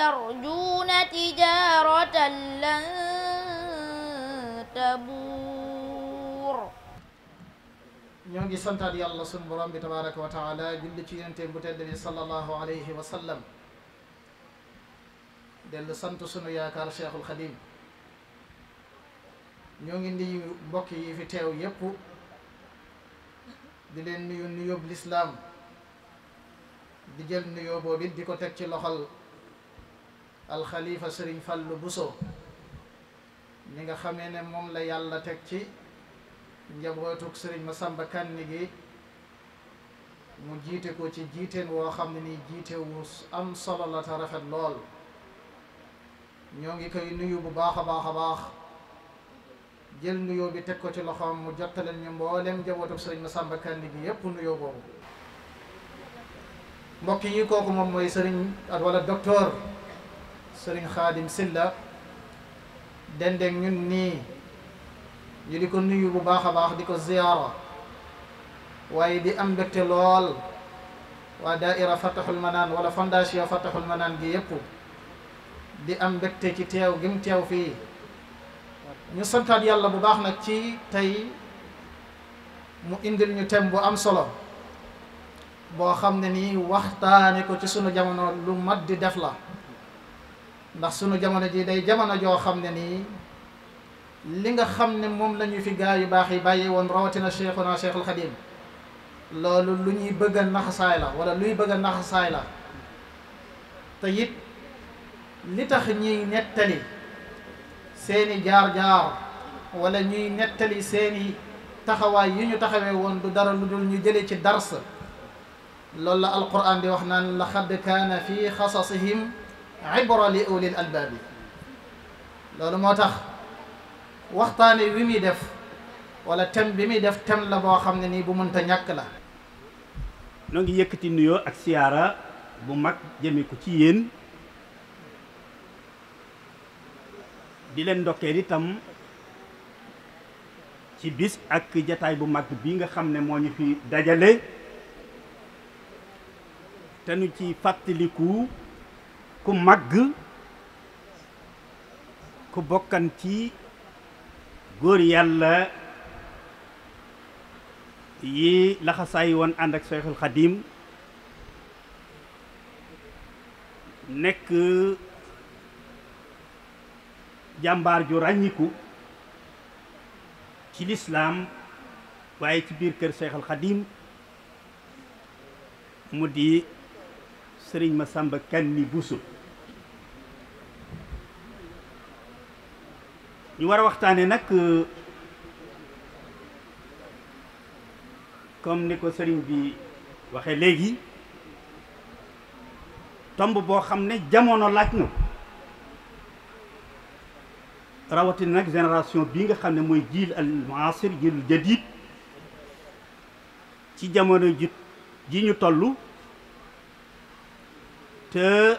يرجون تجارة لن ñoo ngi santa yàlla sunu borom bi tabaraka wa julli ci yonente bu sallallahu alayhi wa sallam dellu sant sunu yaakaar cheikhul xadim ñoo ngi nuyu mbokk yi fi teew yépp di leen nuyu lislaam di jël nuyoo boobit di ko teg ci loxol alxalifa sëriñ bu Bousso mi nga xamee ne moom la yàlla teg ci njabootuk sëriñ Massamba Kanni gi mu jiite ko ci jiiteen woo xam ne ni jiite wu am solo la te rafet lool ñoo ngi koy nuyu bu baax a baax a baax jël nuyoo bi teg ko ci loxoom mu jottaleen ñu mboolem njabootuk sëriñ Massamba Kanni gi yépp nuyoo boobu mbokk yi kooku moom mooy sëriñ ak wala docteur sëriñ xaadim sinda dendeeg ñun nii ñu di ko nuyu bu baax a baax di ko ziyaara waaye di am mbégte lool waa daaira fataxul manaan wala fondation fataxul manaan gi yépp di am mbégte ci teew gi mu teew fii ñu santaat yàlla bu baax nag ci tey mu indil ñu thème bu am solo boo xam ne nii waxtaane ko ci sunu jamono lu mat di def la ndax sunu jamono ji day jamono joo xam ne nii li nga xam ne moom la fi gaa yu baax yi bàyyi woon rawatina cheikhuna cheikhul xadim loolu lu ñuy bëgg a naxasaay la wala luy bëgg a naxasaay la te it li tax ñuy nettali seeni jaar-jaar wala ñuy nettali seeni taxawaay yi ñu taxawee woon du dara lu dul ñu jëlee ci dars loolu la alquran di wax naan laqad kaana fi xasasihim ibra li ulil loolu moo tax waxtaane wi muy def wala tem bi muy def tem la boo xam ne nii bu mënta ñàkk la noo ngi yëkkati nuyoo ak siyaara bu mag jëme ko ci yéen di leen ndokkeel itam ci bis ak jataay bu mag bi nga xam ne moo ñu fi dajale te nu ci fàttaliku ku màgg ku bokkan ci góor yàlla yi laxasaay woon ànd ak Seexul Xadiim nekk jàmbaar ju ràññiku ci lislaam waaye ci biir kër Seexul Xadiim mu di sëriñ ma kenn Kanni Bousso ñu war a waxtaane nag euh, comme ni ko sëriñ bi waxee léegi tomb boo xam ne jamono laaj na rawatina nag génération bi nga xam ne mooy jiil al muasir jiilul jadid ci jamono ju ji ñu tollu te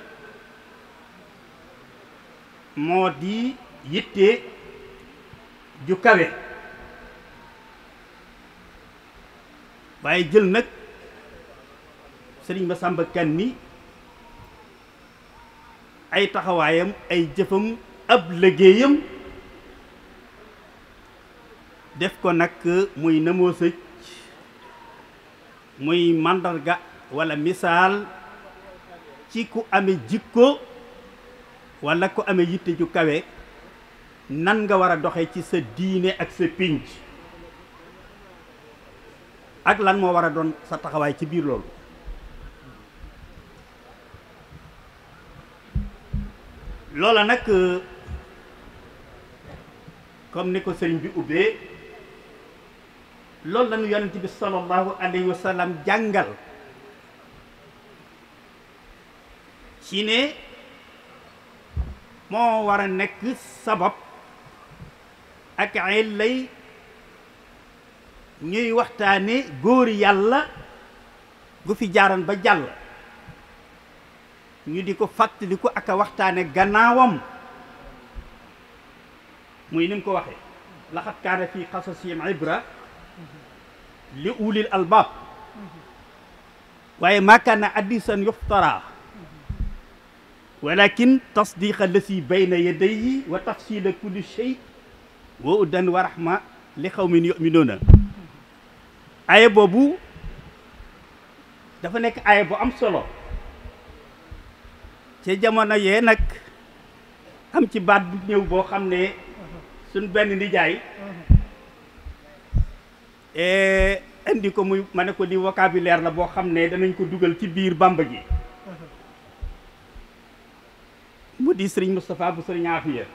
moo di yitte ju kawe waaye jël nag sëriñ Masamba Kan ni ay taxawaayam ay jëfam ab liggéeyam def ko nag muy namoo sëj muy màndarga walla misaal ci ku amee jikko walla ku amee yitte ju kawe nan nga war a doxee ci sa diine ak sa pénc ak lan moo war a doon sa taxawaay ci biir loolu loola nag euh, comme ni ko sëriñ bi ubbee loolu lañu yonent bi sallallahu alayhi wa sallam jàngal ci ne moo war a nekk sabab ak ay lay ñuy waxtaane góor yàlla gu fi jaaroon ba jàll ñu di ko fàttali ko ak a waxtaane gannaawam muy ni mu ko kaana fi xasasihim ibra li ulil albaab waaye maa kaana hadiisan yuftara walakin tasdiqa lasi bayna yadayhi wa tafsila kulli shay wa uddan wa rahma li qawmin yu'minuuna aaya boobu dafa nekk aaya bu am solo ci jamono yee nag am ci baat bu ñëw boo xam ne suñ benn nijaay e, indi ko muy ma ne ko di vocabulaire la boo xam ne danañ ko dugal ci biir bamba gi mu di sëriñ Moustapha bu sëriñ Afia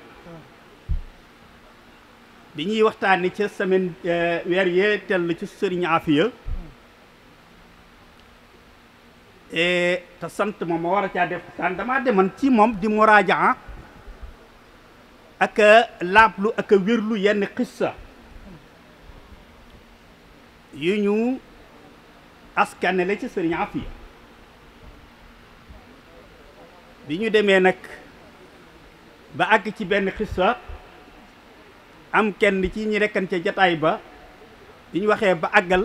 bi ñuy waxtaanee ca semaine euh, weer yee tell ci sëriñ Afiya te sant moom ma war a caa def taan damaa deman ci moom di muraajaa ak laablu ak wérlu yenn xissa yu ñu askanele ci sëriñ Afiya bi ñu demee nag ba àgg ci benn xissa am kenn ci ñi rekkan ca jataay ba bi ñu waxee ba àggal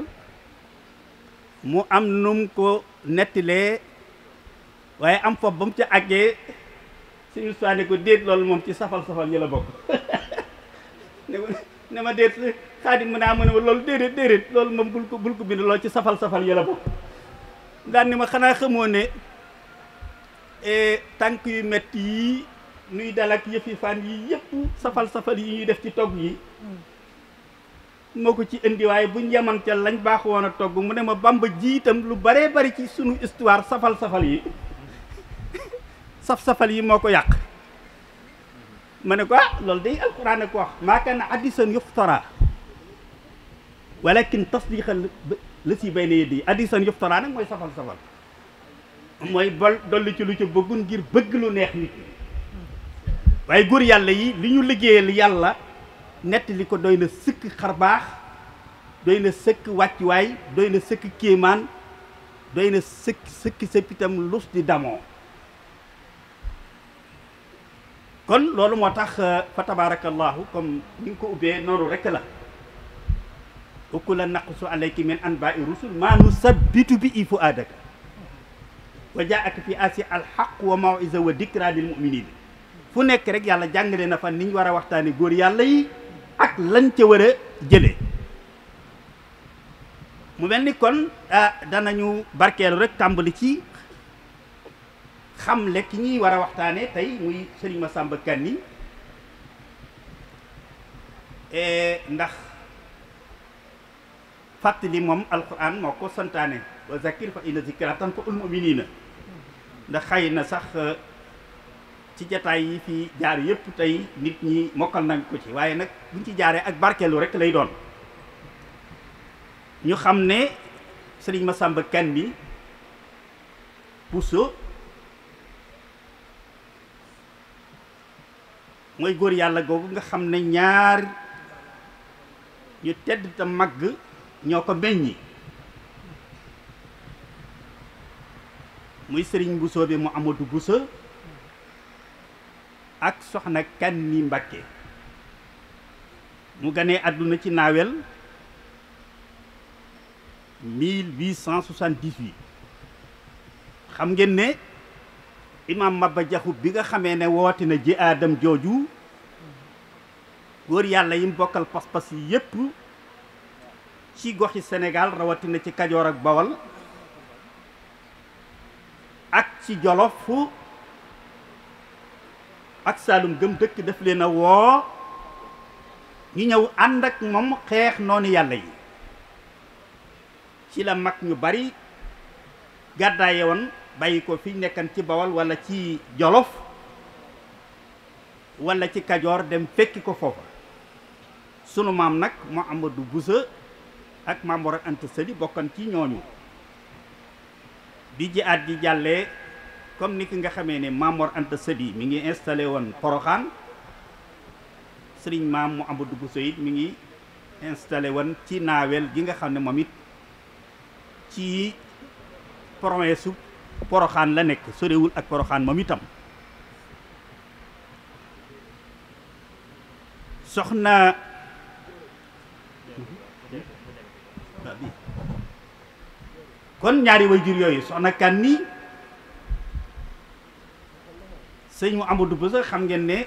mu am num ko nettilee waaye am fob ba mu ca àggee suñu saani ko déet loolu moom ci safal-safal ñi la bokk ne ma déet xaadim mu ah, ko bul ko bind ci safal-safal yi la bokk daan ni ma xanaa xamoo ne eh, tànk yu metti yii nuy dal ak yëfi yi yëpp safal-safal yi ñuy def ci togg yi hmm. moo ko ci indiwaay buñ yeman ca lañ baax woon a togg mu ne ma bamba jiitam lu baree bari ci sunu histoire safal-safal yi saf-safal yi moo ko yàq mu ne ko ah loolu day alquran ak wax maa kaana hadiisan yuftara walakin tasdiqal la si bay na yeddi hadiisan yuftara nag mooy safal-safal mooy bol dolli ci lu ca bëggun ngir bëgg lu neex nit ñi waaye góor yàlla yi li ñu liggéeyal yàlla nett li ko doy na sëkk xarbaax doy na sëkk wàccuwaay doy na sëkk kéemaan doy na sëkk sëkk sëppitam lus di damoo kon loolu moo tax euh, fa tabarakallahu comme ni nga ko ubbee noonu rek la ukula naqsu alayki min anbaai rusul maa nusabbitu bi i fuaadaka wa jaaka fi asi alxaq wa mawisa wa dikra lil muminin fu nekk rek yàlla jàngale na fa niñ war a waxtaane góor yàlla yi ak lañ ca war a jëlee mu mel ni kon ah, danañu barkeelu rek tàmbali ci xamle ki ñuy war a waxtaane tey muy sëriñ Massamba Kanni e, ndax fàttali moom alquran moo ko santaane wa zakir fa inna zikra tanfa'ul mu'minina ndax xëy na sax ci jataay yi fi jaar yëpp tey nit ñi mokkal nañ ko ci waaye nag buñ ci jaaree ak barkeelu rekk lay doon ñu xam ne sëriñ ma Masamba Kan bi Bousso mooy góor yàlla googu nga xam ne ñaar ñu tedd te màgg ñoo ko meññi muy sëriñ Bousso bi mu Amadou Bousso ak soxna Kanni Mbàkke mu ganee àdduna ci naawel 1878 xam ngeen ne imaam Maba Jaxu bi nga xamee ne woote na ji aadam jooju góor yàlla yim bokkal pas-pas yépp ci goxi Sénégal rawatina ci Kajoor ak Bawol ak ci Jolof ak Saalum gëm dëkk daf leen a woo ñu ñëw ànd ak moom xeex noonu yàlla yi ci la mag ñu bari gàddaaye woon bàyyi ko fi nekkan ci Bawol walla ci Jolof wala ci Kajoor dem fekki ko foofa sunu maam nag am Mouhamadou Bousso ak Maam Mor Anta Sali bokkan ci ñooñu bi jihaad ji jàllee comme ni ki nga xamee ne Mamor Anta Sëdi mi ngi installé woon Poroxaan sëriñ maam mu Amadou Bousso it mi ngi installe woon ci naawel gi nga xam ne moom it ci promesse su Poroxaan la nekk sorewul ak Poroxaan moom itam soxna kon ñaari wayjur yooyu soxna kan sëñ mu Amadou Bousso xam ngeen ne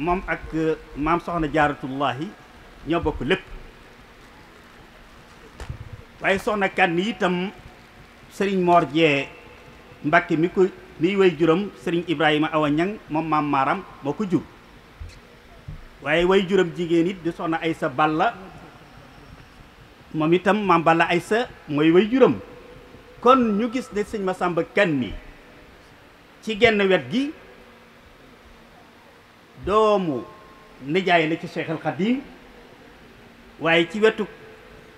moom ak euh, maam soxna jaaratullahi ñoo bokk lépp waaye soxna kan itam sëriñ Mor Jee Mbàkke mi ko miy way juram sëriñ Ibrahima Awa Ñang moom maam maaram moo ko jur waaye way juram jigéen it di soxna Aysa Balla moom itam maam Balla Aysa mooy way juram kon ñu gis ne sëñ Masamba mi ci genn wet gi doomu nijaay la ci Cheikhul Khadim waaye ci wetu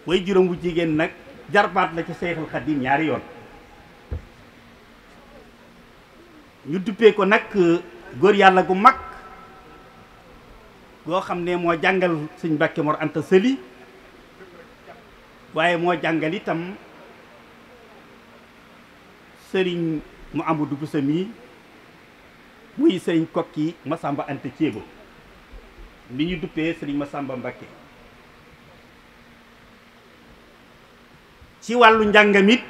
way juróom bu jigéen nag jarbaat la ci Cheikhul Khadim ñaari yoon ñu duppee ko nag euh, góor yàlla gu mag goo xam ne moo jàngal suñ Mbàkke Mor Anta Sëli waaye moo jàngal itam sëriñ mu amu bu sa mii muy sëriñ kokki Masamba Anta Thiébo mi ñu duppee sëriñ Masamba Mbakke ci wàllu njàngamit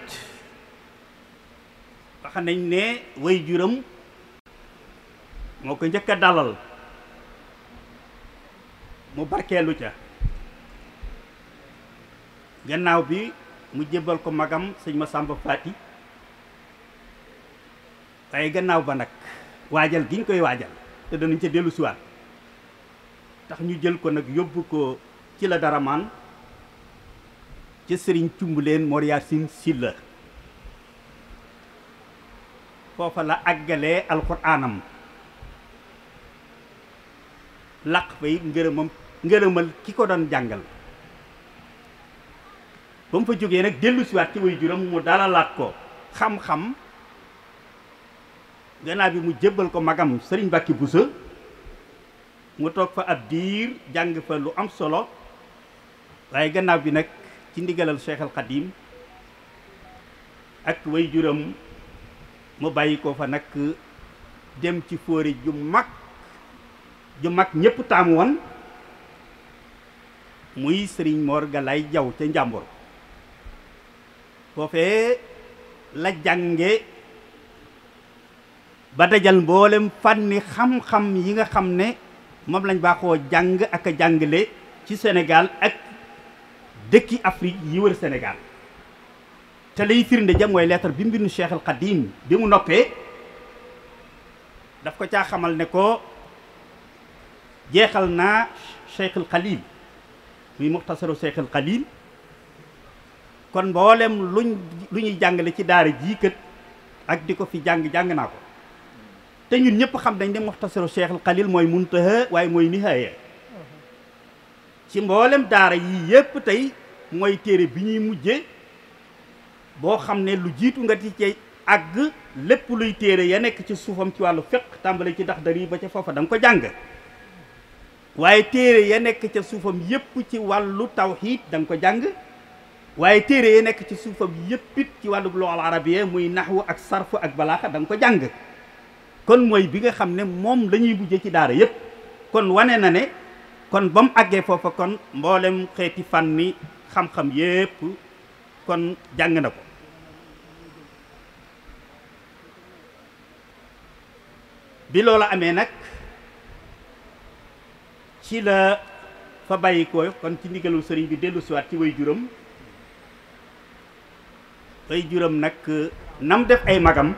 wax ne way juram moo ko njëkk a dalal mu barkeelu ca gannaaw bi mu jébbal ko magam sëñ Masamba Faati waaye gannaaw ba nag waajal gi ñu koy waajal te danañ ca dellu siwaat tax ñu jël ko nag yóbbu ko ci la dara maan ca sëriñ cumbuleen Mor Yaasin Silla foofa la àggalee alxuraanam làq fay ngërëmam ngërëmal ki ko doon jàngal ba mu fa jógee nag dellu ci way juram mu dalalaat ko xam-xam gannaaw bi mu jébbal ko magam sëriñ Mbàkke Buso mu toog fa ab diir jàng fa lu am solo waaye gannaaw bi nag ci ndigalal Cheikh al ak way juram mu bàyyi ko fa nag dem ci fóori ju mag ju mag ñépp taamu woon muy sëriñ Mor Galaay Jaw ca Njàmbur foofee la jànge ba dajal mbooleem fànni xam-xam yi nga xam ne moom lañ baaxoo jàng ak a jàngale ci Sénégal ak dëkki Afrique yi wër Sénégal te lay firnde jam mooy lettre bi mu bind Cheikh bi mu noppee daf ko caa xamal ne ko jeexal naa Cheikh al Xalil muy muxtasaru Cheikh al kon mboolem luñ lu ñuy jàngale ci daara jii kët ak di ko fi jàng jàng naa ko te ñun ñëpp xam dañ ne muxtasaru cheikh al xalil mooy muntaha waaye mooy nihaaya ci mboolem daara yii yëpp tey mooy téere bi ñuy mujje boo xam ne lu jiitu nga ti ci àgg lépp luy téere ya nekk ci suufam ci wàllu fiq tàmbali ci dax dari ba ca foofa da ko jàng waaye téere ya nekk ca suufam yépp ci wàllu tawxiid da ko jàng waaye téere ya nekk ci suufam yéppit ci wàllu luxal arabiya muy naxwu ak sarfu ak balaaxa da ko jàng kon mooy bi nga xam ne moom la ñuy ci daara yépp kon wane na ne kon ba mu àggee foofa kon mboolem xeeti fànni xam-xam yépp kon jàng na ko bi loola amee nag ci la fa bàyyi ko kon ci ndigalul sëriñ bi dellu siwaat ci way juróom way juróom nag nam def ay magam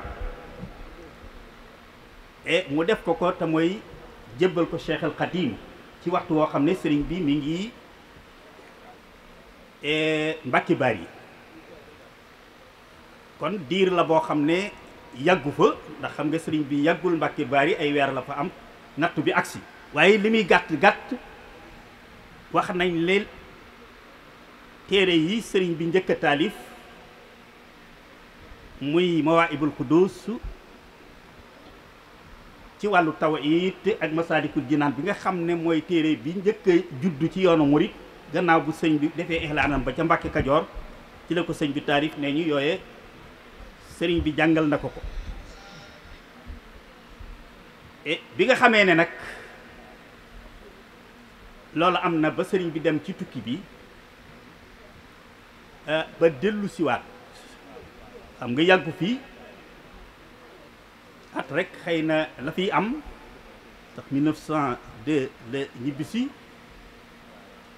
E mu def ko ko te mooy jébbal ko Cheikh al ci waxtu woo xam ne sëriñ bi mu ngi e, Mbàkke Bari yi kon diir la boo xam ne yàggu fa ndax xam nga sëriñ bi yàggul Mbàkke Bari ay weer la fa am nattu bi agsi waaye li muy gàtt gàtt wax nañ leen téere yi sëriñ bi njëkk a taalif muy Mawaahibul Quddus ci wàllu tawhid ak masaalikul jinaan bi nga xam ne mooy téere bi njëkk a juddu ci yoonu murit gannaaw bu sëñ bi defee ixlaanam ba ca Mbàkke Kajoor ci la ko sëñ bi taarif nee ñu yooye sëriñ bi jàngal na ko ko e, bi nga xamee ne nag loolu am na ba sëriñ bi dem ci tukki bi e, ba dellu siwaat xam nga yàggu fii at rekk xëy na la fiy am ndax 1902 la ñibbisi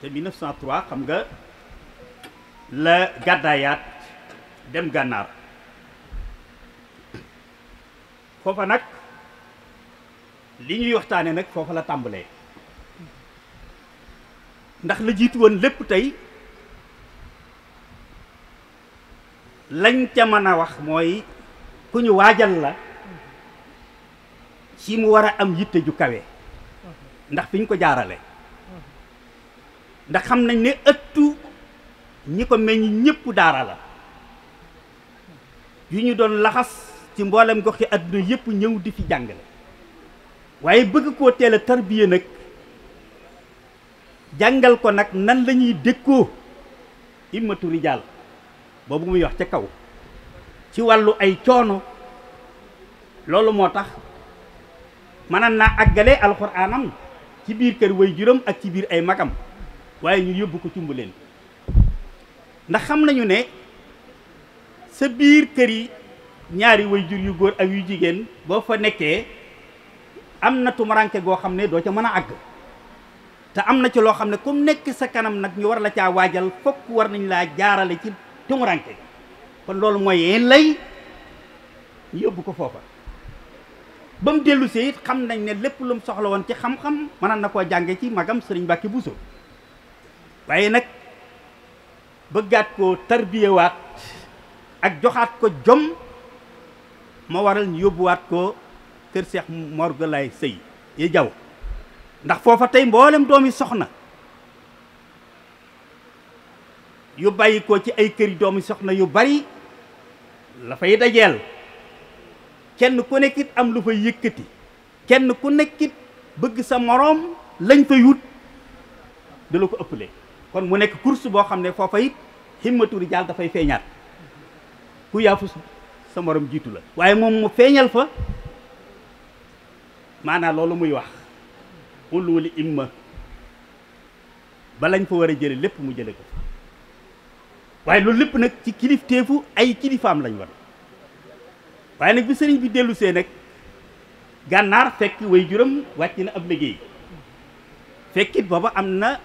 te 1903 xam nga la gàddaayaat dem gànnaar foofa nag li ñuy waxtaane nag foofa la tàmbalee ndax la jiitu woon lépp tey lañ ca mën a wax mooy ku ñu waajal la ci mu war a am yitte ju kawe ndax fi ñu ko jaarale ndax xam nañ ne ëttu ñi ko meññ ñëpp daara la yu ñu doon laxas ci mboolem gox yi àdduna yëpp ñëw di fi jàngale waaye bëgg koo teel a tarbiye nag jàngal ko nag nan lañuy ñuy dékkoo immatu rijaal boobu muy wax ca kaw ci wàllu ay coono loolu moo tax mënan naa àggale alxuraanam ci biir kër way juróom ak ci biir ay magam waaye ñu yóbbu ko cumb leen ndax xam nañu ne sa biir kër yi ñaari way jur yu góor ak yu jigéen boo fa nekkee am na tumaranke goo xam ne doo ca mën a àgg te am na ci loo xam ne comme nekk sa kanam nag ñu war la caa waajal fokk war nañ laa jaarale ci tumaranke kon loolu mooy yeen lay ñu yóbbu ko foofa ba mu dellu it xam nañ ne lépp lu mu soxla woon ci xam-xam mënoon na koo jànge ci magam sëriñ Mbàkke Buso waaye nag bëggaat ko tarbiyewaat ak joxaat ko jom ma waral ñu yóbbuwaat ko kër Seex Mor Galaay Sëy yi jaw ndax foofa tey mboolem doomi soxna yu bàyyi ko ci ay këri doomi soxna yu bari la fay dajeel kenn ku nekkit am lu fa yëkkati kenn ku nekkit bëgg sa moroom lañ fa yut da la ko ëppalee kon mu nekk course boo xam ne foofa it himmatu rijaal dafay feeñaat ku yaafus sa moroom jiitu la waaye moom mu feeñal fa maanaa loolu muy wax xul wali imma ba lañ fa war a jële lépp mu jële ko waaye loolu lépp nag ci kilifteefu ay kilifaam lañ war waaye nag bi sëriñ bi dellu see nag gànnaar fekk way juram wàcc na ab liggéey fekkit booba am na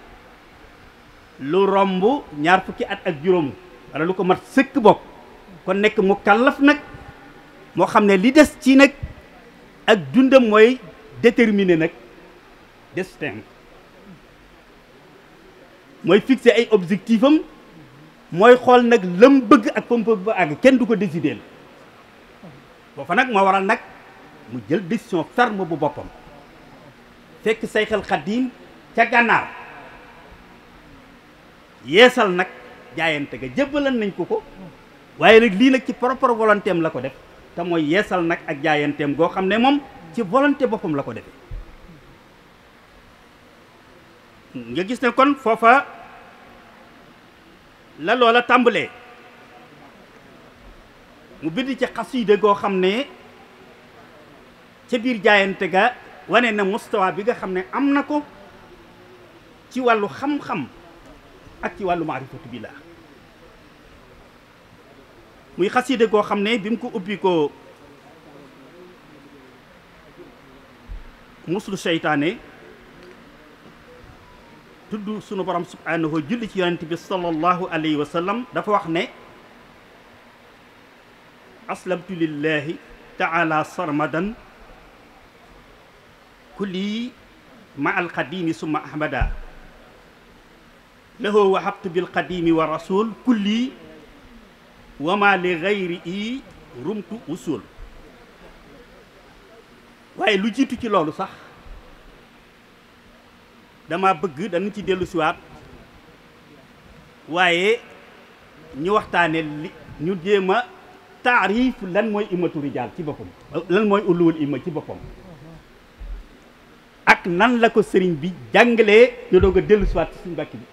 lu romb ñaar fukki at ak juróom wala lu ko mat sëkk bokk kon nekk mu kallaf nag moo xam ne li des ci nag ak dundam mooy déterminer nag destin mooy fixer ay objectif am mooy xool nag lam bëgg ak fa mu bëgg àgg kenn du ko décider la boofa nag moo waral nag mu jël décision ferme bu boppam fekk Sayxal Xadiim ca gànnaar yeesal nag jaayante ga jëbbalan nañ ko ko waaye nag lii nag ci propre volonté la ko def te mooy yeesal nag ak jaayanteem goo xam ne moom ci volonté boppam la ko defee nga gis ne kon foofa la loola tàmbalee mu bind ci xasiide goo xam ne ca biir jaayante ga wane na mustawa bi nga xam ne am na ko ci wàllu xam-xam ak ci wàllu maarifatu billah muy xasiide goo xam ne bi mu ko ubbi ko muslu seytaane tudd sunu borom subhaanahu julli ci yonent bi sallallahu alayhi wa dafa wax ne aslamtu lillahi taala sarmadan kulli ma alqadimi summa ahmada lahoo wahabtu bilqadimi wa rasul kulli wa ma li gayri i rumtu usul waaye lu jiitu ci loolu sax dama bëgg dana ci dellu siwaat waaye ñu waxtaane li ñu jéem taarif lan mooy immatu rijaal ci boppam lan mooy ulluwul imma ci boppam ak nan la ko sëriñ bi jàngale ñu doog a dellu siwaat ci suñ bàkki bi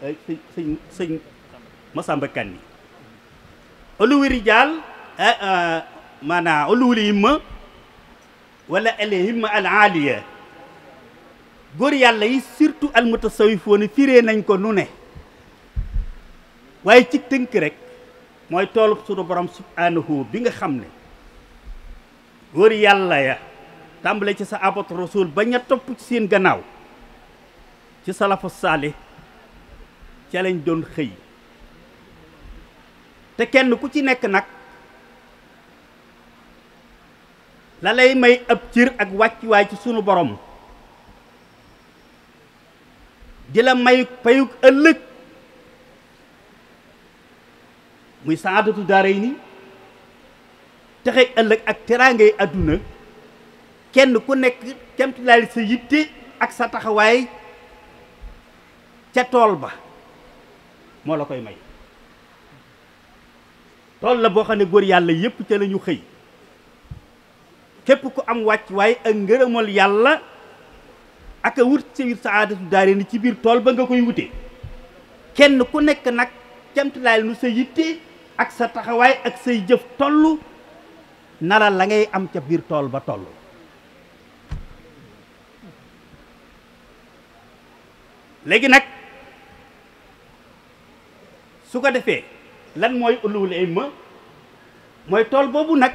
sëñ sëñ Masamba Kanni ulluwu rijaal maanaam ulluwul imma wala al himma al aaliya góor yàlla yi surtout al mutasawifoon firee nañ ko nu ne waaye ci tënk rek mooy toolu sunu borom subhaanahu bi nga xam ne wër yàlla ya tàmbale ci sa abat rasul ba ña topp ci seen gannaaw ci salafu saalih ca lañ doon xëy te kenn ku ci nekk nag la lay may ab cir ak wàccuwaay ci sunu borom di la may payug ëllëg muy saadatu yi ni texe ëllëg ak teraangay àdduna kenn ku nekk kemtilaali sa yitte ak sa taxawaay ca tool ba moo la koy may tool la boo xam ne góor yàlla yépp ca la ñu xëy képp ku am wàcc waaye ak ngërëmal yàlla ak a wut ci biir saadatu daaray ni ci biir tool ba nga koy wute kenn ku nekk nag kemtilaali nu sa yitte ak sa taxawaay ak say jëf tollu naral la ngay am ca biir tool ba toll léegi nag su ko defee lan mooy ulul ilm mooy tool boobu nag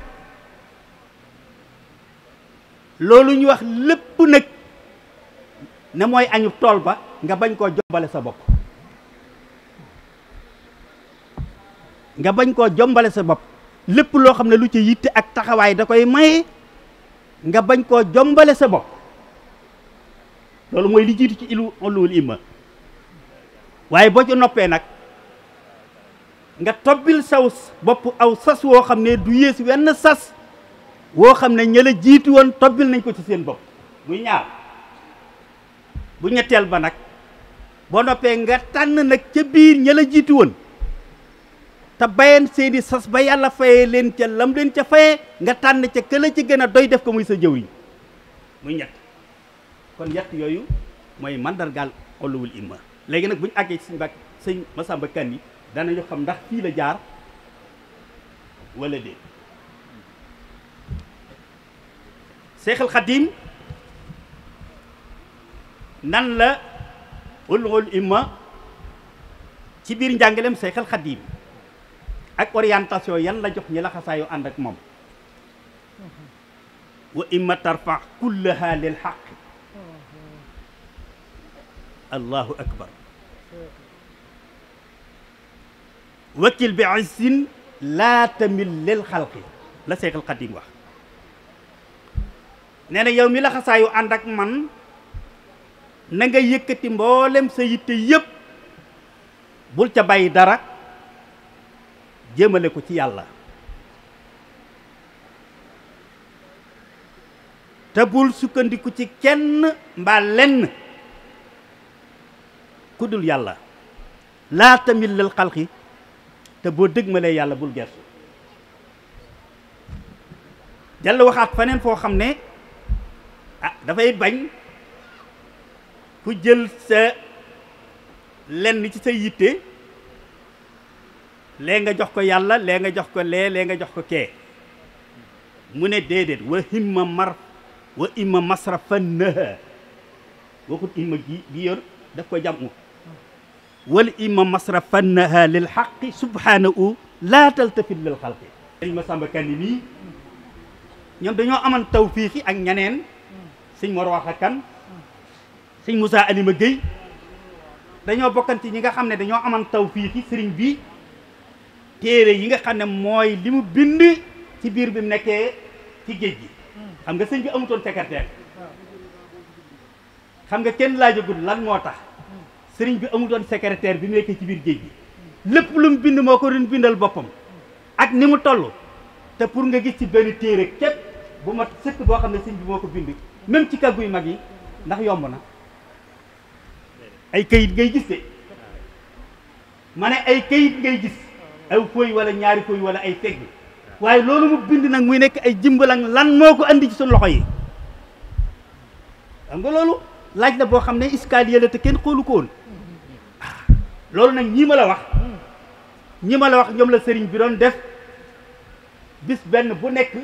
loolu ñu wax lépp nag ne mooy añub tool ba nga bañ koo jombale sa bopp nga bañ koo jombale sa bopp lépp loo xam ne lu ci yitte ak taxawaay da koy may nga bañ koo jombale sa bopp loolu mooy li jiitu ci ilu ulul imma waaye boo ci noppee nag nga tobbil saw bopp aw sas woo xam ne du yées wenn sas woo xam ne ña la jiitu woon tobbil nañ ko ci seen bopp muy ñaar bu ñetteel ba nag boo noppee nga tànn nag ca biir ña la jiitu woon te bayeen seeni sas ba yàlla fayee leen ca lam leen ca fayee nga tànn ca këla ci gën a doy def ko muy sa jëwriñ muy ñett kon ñett yooyu mooy mandargaal xolluwul imma léegi nag bu ñu àggee sëñ Mbàkke sëñ Masamba Kan yi danañu xam ndax fii la jaar walla déet Seexal Xadiim nan la xolluwul imma ci biir njàngaleem Seexal Xadiim ak orientation yan la jox ñi la xasaayu ànd ak moom wa imma tarfa kullaha lil xaqi allahu akbar wakil bi isin laa tamil lil xalqi la seexal xadim wax nee na yow mi la xasaayu ànd ak man na nga yëkkati mboolem sa yitte yépp bul ca bàyyi dara jëmale ko ci yàlla te bul sukkandiku ci kenn mbaa lenn ku dul yàlla laa tamil lal xalqi te boo dëgmalee yàlla bul gersu jàll waxaat faneen foo xam ne ah dafay bañ ku jël sa lenn ci sa yitte lee nga jox ko yàlla lee nga jox ko lee lee nga jox ko kee mu ne déedéet wa himma mar wa imma masrafa naha waxut imma gi gi yor daf ko jam u wal imma masrafa naha lil xaqi subhanahu laa taltafit lil xalqi sëñ ma sàmba kan yi mii ñoom dañoo aman tawfiixi ak ñeneen sëñ Mor wax ak kan sëñ Moussa Alima Gueye dañoo bokkanti ñi nga xam ne dañoo aman tawfiixi sëriñ bi téere yi nga xam ne mooy li mu bind ci biir bi mu nekkee ci géej gi xam nga sëñ bi amutoon secrétaire xam nga kenn laajagul lan moo tax sëriñ bi doon secrétaire bi mu nekkee ci biir géej gi lépp lu mu bind moo ko doon bindal boppam ak ni mu toll te pour nga gis ci benn téere képp bu ma sëkk boo xam ne sëñ bi moo ko bind même ci kàggu yu mag yi ndax yomb na ay kayit ngay gis de ne ay kayit ngay gis aw koy wala ñaari koy wala ay pegg waaye loolu mu bind nag muy nekk ay jimbalang lan moo ko andi ci suñu loxo yi xam loolu laaj la boo xam ne iskaaliye la te kenn xoolu ko woon loolu nag ñi ma la wax ñi ma la wax ñoom la sëriñ bi doon def bis benn bu nekk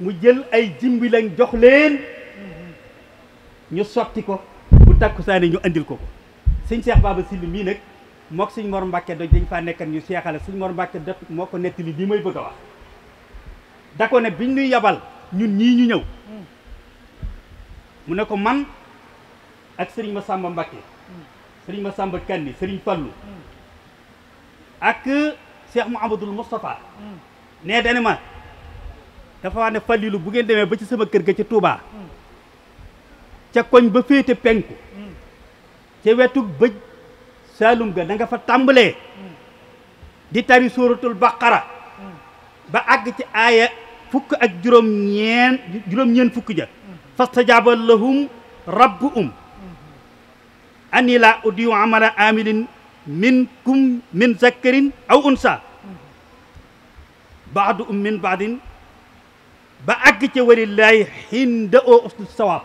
mu jël ay jimbilang jox leen ñu sotti ko bu takkusaane ñu andil ko ko sëñ Cheikh Baba Sylla mii nag mook suñ mor mbàkke doj dañ faa nekkan ñu seexale suñ mor mbàkke doj moo ko nettali li may bëgg a wax da ko ne biñ ñuy yabal ñun ñii ñu ñëw mu ne ko man ak sëriñ ma sàmba mbàkke sëriñ ma sàmba kanni sëriñ fallu ak cheikh mouhamadul moustapha ne dani ma dafa wax ne fàllilu bu ngeen demee ba ci sama kër ga ca Touba ca koñ ba féete penku ca wetu bëj saalum ga da fa tàmbalee di tari suuratul baqara ba àgg ci aaya fukk ak juróom ñeen juróom ñeen fukk ja fastajaaba lahum rabbuhum ani laa udiyu minkum min zakkarin aw unsa baaduhum min baadin ba àgg ca walillaahi xinda oo uslu sawaab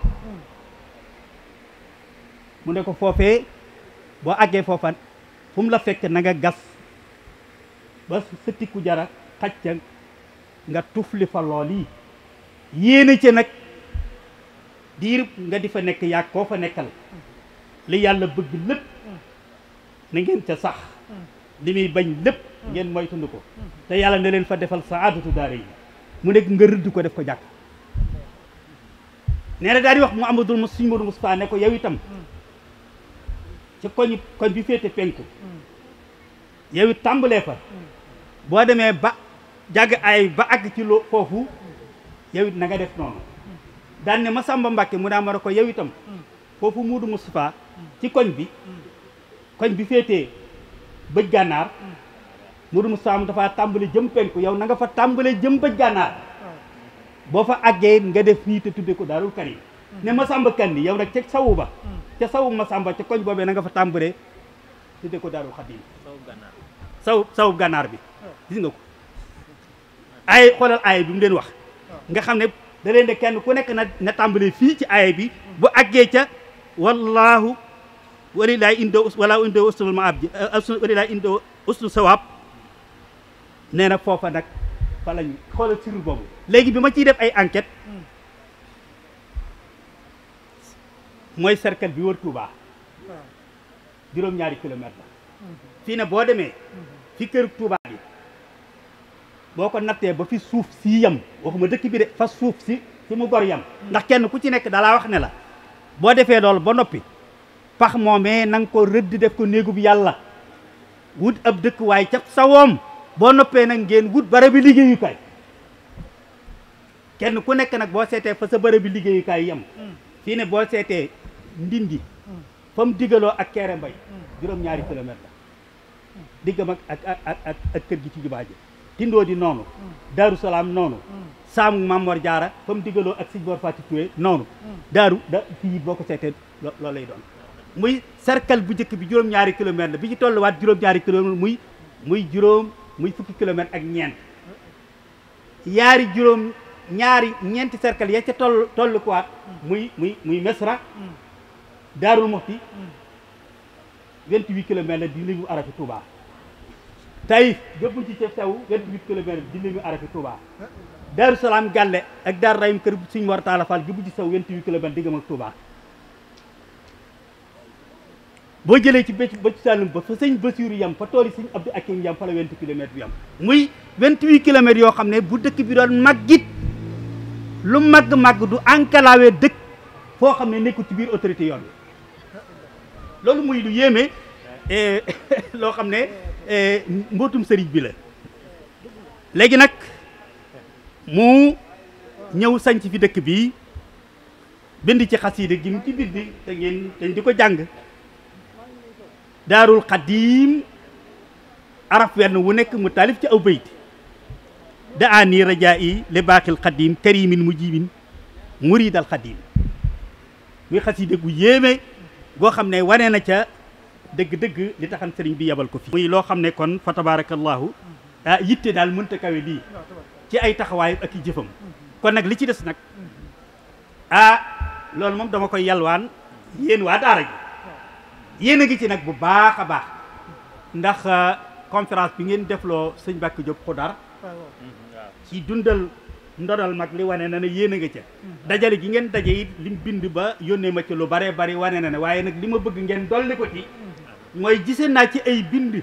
mu ne ko foofee boo àggee foofa fu mu la fekk na nga gas ba sa tikku jara xaj ca nga tufli fa lool yi yéene ci nag diirub nga di fa nekk yaa koo fa nekkal li yàlla bëgg lépp na ngeen ca sax li muy bañ lépp ngeen moytund ko te yàlla na fa defal saadatu daara yi mu nekk nga rëdd ko def ko jàkk nee na daal di wax mu amadul ma suñ Modou Moustapha ne ko yow itam mm. ci koñ bi féete penku yow tàmbalee fa boo demee ba jàgg ay ba àgg ci loo foofu yow it na nga def noonu daan ne Masamba Mbàkke mu naa ma ko yow itam foofu Muudu Moustapha ci koñ bi koñ bi féete bëj gànnaar Muudu Moustapha mu dafa tàmbale jëm penku yow na nga fa tàmbale jëm bëj gànnaar boo fa àggee nga def nii te tudde ko daarul kan yi ne Masamba kan ni yow nag teg sawu ba ca ma Masamba ca koñ boobee na nga fa tàmbalee tudde ko Daaru Xadim saw sawu gànnaar bi oh. gis nga ko ay xoolal aay bi mu leen wax oh. nga xam ne da leen de kenn ku nekk na na tàmbalee fii ci aay bi bu àggee ca wallaahu walilaay indo wala indo usul ma ab ji eh, walilaay indo usul sawaab nee na foofa nag fa lañu xoolal sirru léegi bi ma ciy def ay enquête mooy cercle bi wër Touba juróom-ñaari kilomètre fii ne boo demee fi kër Touba bi boo ko nattee ba fi suuf si yem waxuma dëkk bi de fa suuf si si mu bor yem ndax kenn ku ci nekk dalaa wax ne la boo defee loolu ba noppi pax moomee na nga ko rëdd def ko néegub yàlla wut ab dëkk waaye ca sawoom boo noppee nag ngeen wut barabi liggéeyukaay kenn ku nekk nag boo seetee fa sa barabi liggéeyukaay yem mm. fii ne boo seetee ndindi hmm. fa mu diggaloo ak keere mbay hmm. juróom-ñaari kilomètre la diggam ak ak ak ak kër gi ci jubaa ji tindoo di noonu hmm. daaru salaam noonu saamu Mamor Jaara fa mu diggaloo ak Sëñ Mor Fati Touré noonu daaru da fii boo ko seetee loolu lay doon muy cercle bu njëkk bi juróom-ñaari kilomètre la bi ci tolluwaat juróom-ñaari kilomètre muy muy juróom muy fukki kilomètre ak ñeent yaari juróom ñaari ñeenti cercle ya ca toll tollu kuwaat muy muy muy mesra Daarul Muxti vingt-huit kilomètres di li mu arrêté Touba Taïf jëppuñ ci ca taw vingt-huit kilomètres di li mu arrêté Touba Daaru Salaam Gàlle ak Daaru Rahim kër Sëñ Mor Talla Fall jëppuñ ci saw vingt-huit kilomètres diggam ak Touba boo jëlee ci bëcc bëcc Saalum ba fa sëñ Basiiru yam fa tooli sëñ Abdou Akim yam fa la vingt kilomètres yam muy vingt-huit kilomètres yoo xam ne bu dëkk bi doon màggit lu màgg-màgg du enclavé dëkk foo xam ne nekkul ci biir autorité yoon loolu muy lu yéeme eh, loo xam ne eh, mbootum sëriñ bi la léegi nag mu ñëw sanc fi dëkk bi bind ci xasiida gi mu ci bind te dañ di ko jàng daarul xadiim araf wenn wu nekk mu taalif ci aw bayt da aani rajaa i li baaxil xadiim karimin mujibin muridal xadiim muy xasiida gu yéeme goo xam ne wane na ca dëgg-dëgg li taxan sëriñ bi yebal ko fi muy loo xam ne kon fa tabaarakallaahu ah yitte daal mënta kawe lii ci ay taxawaay ak i jëfam kon nag li ci des nag ah loolu moom dama koy yalwaan yéen waa daara ji yéen a ngi ci nag bu baax a baax ndax ah, conférence bi ngeen defloo sëñ Bakki Diop Xudar ci dundal ndodal mag li wane na ne yéen a nga ca dajale gi ngeen daje it lim bind ba yónnee ma ci lu bare bari wane na ne waaye nag li ma bëgg ngeen dolli ko ci mooy gise naa ci ay bind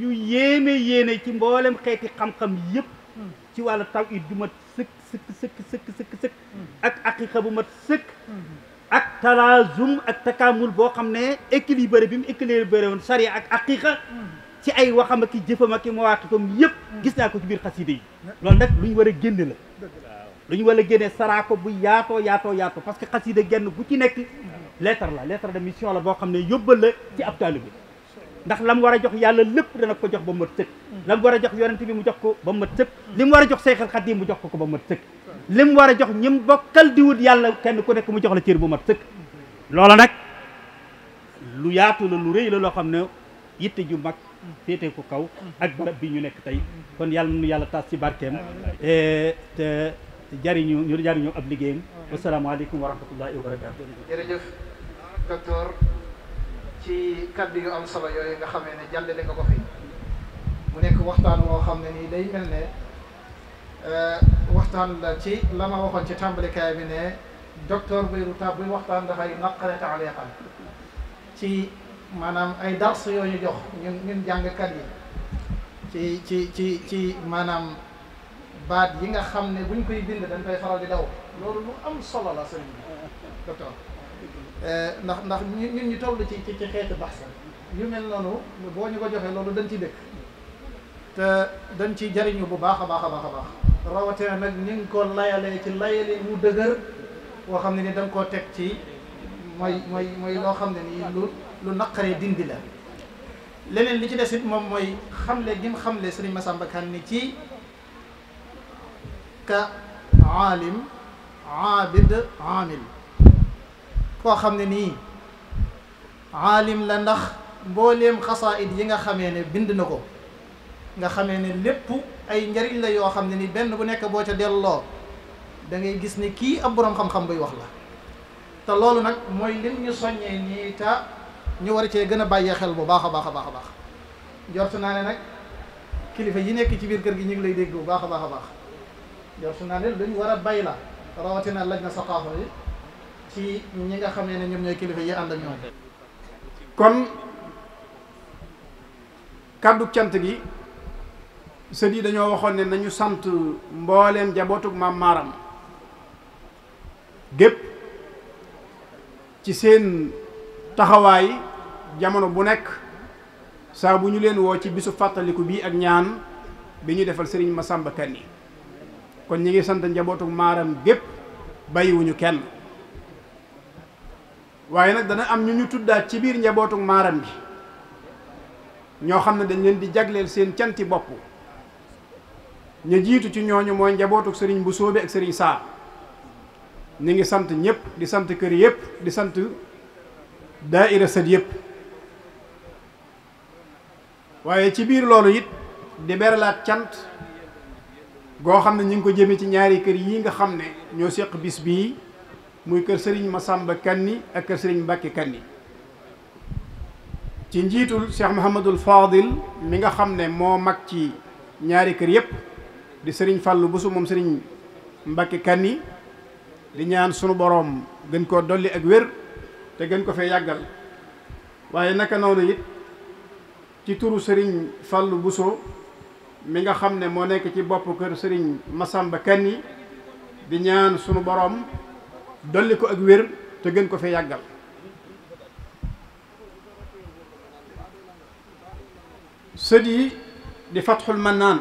yu yéeme yéene ci mboolem xeeti xam-xam yëpp ci wàllu taw it du mat sëkk sëkk sëkk sëkk sëkk ak aqiqa bu mat sëkk ak talaazum ak takamul boo xam ne équilibré bi mu équilibré woon sariya ak aqiqa ci ay waxam ak i jëfam ak i mawaaqitam yëpp gis naa ko ci biir xasida yi lool nag lu ñu war a génne la lu ñu war a génne saraako bu yaatoo yaatoo yaatoo parce que xasida genn gu ci nekk lettre la lettre de mission la boo xam ne yóbbal la ci ab bi ndax lam war a jox yàlla lépp dana ko jox ba mat sëkk lam war a jox yonent bi mu jox ko ba mat sëkk li mu war a jox Seexul Xadiim mu jox ko ko ba mat sëkk li mu war a jox ñim bokkal di wut yàlla kenn ku nekk mu jox la cër bu mat sëkk loola nag lu lu rëy la loo xam ne yitte ju mag féete ko kaw mm-hmm. ak bi ñu nekk tey kon yàlla nu yàlla taas ci barkeem mm-hmm. eh, te jariñu ñu jariñu ab liggéeyam mm-hmm. wasalaamaaleykum wa rahmatullahi wa barakaatu jërëjëf docteur ci kaddu yu am solo yooyu nga xamee ne jàllale nga ko fi bu nekk waxtaan woo xam ne nii day mel ne eh, waxtaan la ci la ma waxoon ci tàmbalikaay bi ne docteur buy ruta buy waxtaan dafay naqare taaliqan ci maanaam ay dars yooyu jox ñun ñun jàngkat yi ci ci ci ci maanaam baat yi nga xam ne buñ koy bind dañ koy faral di daw loolu lu am solo la sëriñ bi docteur eh, ndax ndax ñun ñu toll ci ci xeeti baxsa yu mel noonu boo ñu ko joxee loolu dañ ci dëkk te dañ ci jariñu bu baax a baax a baax a baax rawatina nag ñu ngi ko layalee ci layale ñu dëgër boo xam ne ni da koo teg ci mooy mooy mooy loo xam ne nii lu lu naqaree dindi la leneen li ci des it moom mooy xamle gi mu xamle sëriñ Massamba Kane ni ci ka aalim aabid aamil koo xam ne nii aalim la ndax mbooleem xasaayid yi nga xamee ne bind na ko nga xamee ne lépp ay njariñ la yoo xam ne ni benn bu nekk boo ca delloo dangay gis ni kii ab boroom xam-xam buy wax la te loolu nag mooy lim ñu soññee nii ta ñu war a cee gën a bàyyee xel bu baax a baax a baax a baax jortu naa ne nag kilifa yi nekk ci biir kër gi ñu ngi lay dégg bu baax a baax a baax jortu naa ne lu ñu war a bay la rawatina laj na saqaafa yi ci ñi nga xam ne ne ñoom ñooy kilifa yi ànd ak ñoom kon kàddu cant gi sët yi dañoo waxoon ne nañu sant mbooleem jabootug maam maaram gépp ci seen taxawaay jamono bu nekk saa bu ñu leen woo ci bisu fàttaliku bi ak ñaan bi ñu defal sëriñ ma Massamba Kanni kon ñu ngi sant njabootu maaram gépp bàyyiwuñu kenn waaye nag dana am ñu ñu tuddaat ci biir njabootu maaram bi ñoo xam ne dañ leen di jagleel seen canti bopp ñu jiitu ci ñooñu mooy njabootu sëriñ bu sóobe ak sëriñ saa ñu ngi sant ñëpp di sant kër yépp di sant daaira yëpp waaye ci biir loolu it di beralaat cant goo xam ne ñu ngi ko jëme ci ñaari kër yi nga xam ne ñoo seq bis bii muy kër sëriñ Masamba Kanni ak kër sëriñ Mbàkke Kanni ci njiitul Cheikh Mouhamadul Fadil mi nga xam ne moo mag ci ñaari kër yëpp di sëriñ Fallou Bousso moom sëriñ Mbàkke Kanni di ñaan sunu boroom gën koo dolli ak wér te gën ko fee yàggal waaye naka noonu it ci turu Serigne Fallou Bousso mi nga xam ne moo nekk ci bopp kër Serigne kenn yi di ñaan sunu boroom dolli ko ak wér te gën ko fee yàggal sët yi di Fatxul Mannaan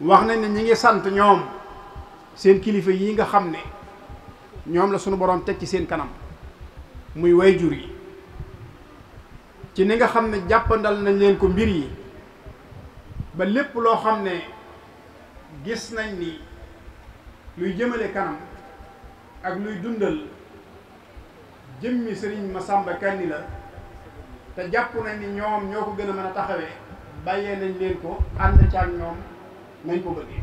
wax na ne ñu ngi sant ñoom seen kilifa yi nga xam ne ñoom la sunu borom teg ci seen kanam muy jur yi ci ni nga xam ne jàppandal nañ leen ko mbir yi ba lépp loo xam ne gis nañ ni luy jëmale kanam ak luy dundal jëmmi sëriñ Masamba Kanni la te jàpp nañ ni ñoom ñoo ko gën a mën a taxawee bàyyee nañ leen ko ànd ca ak ñoom nañ ko bëggee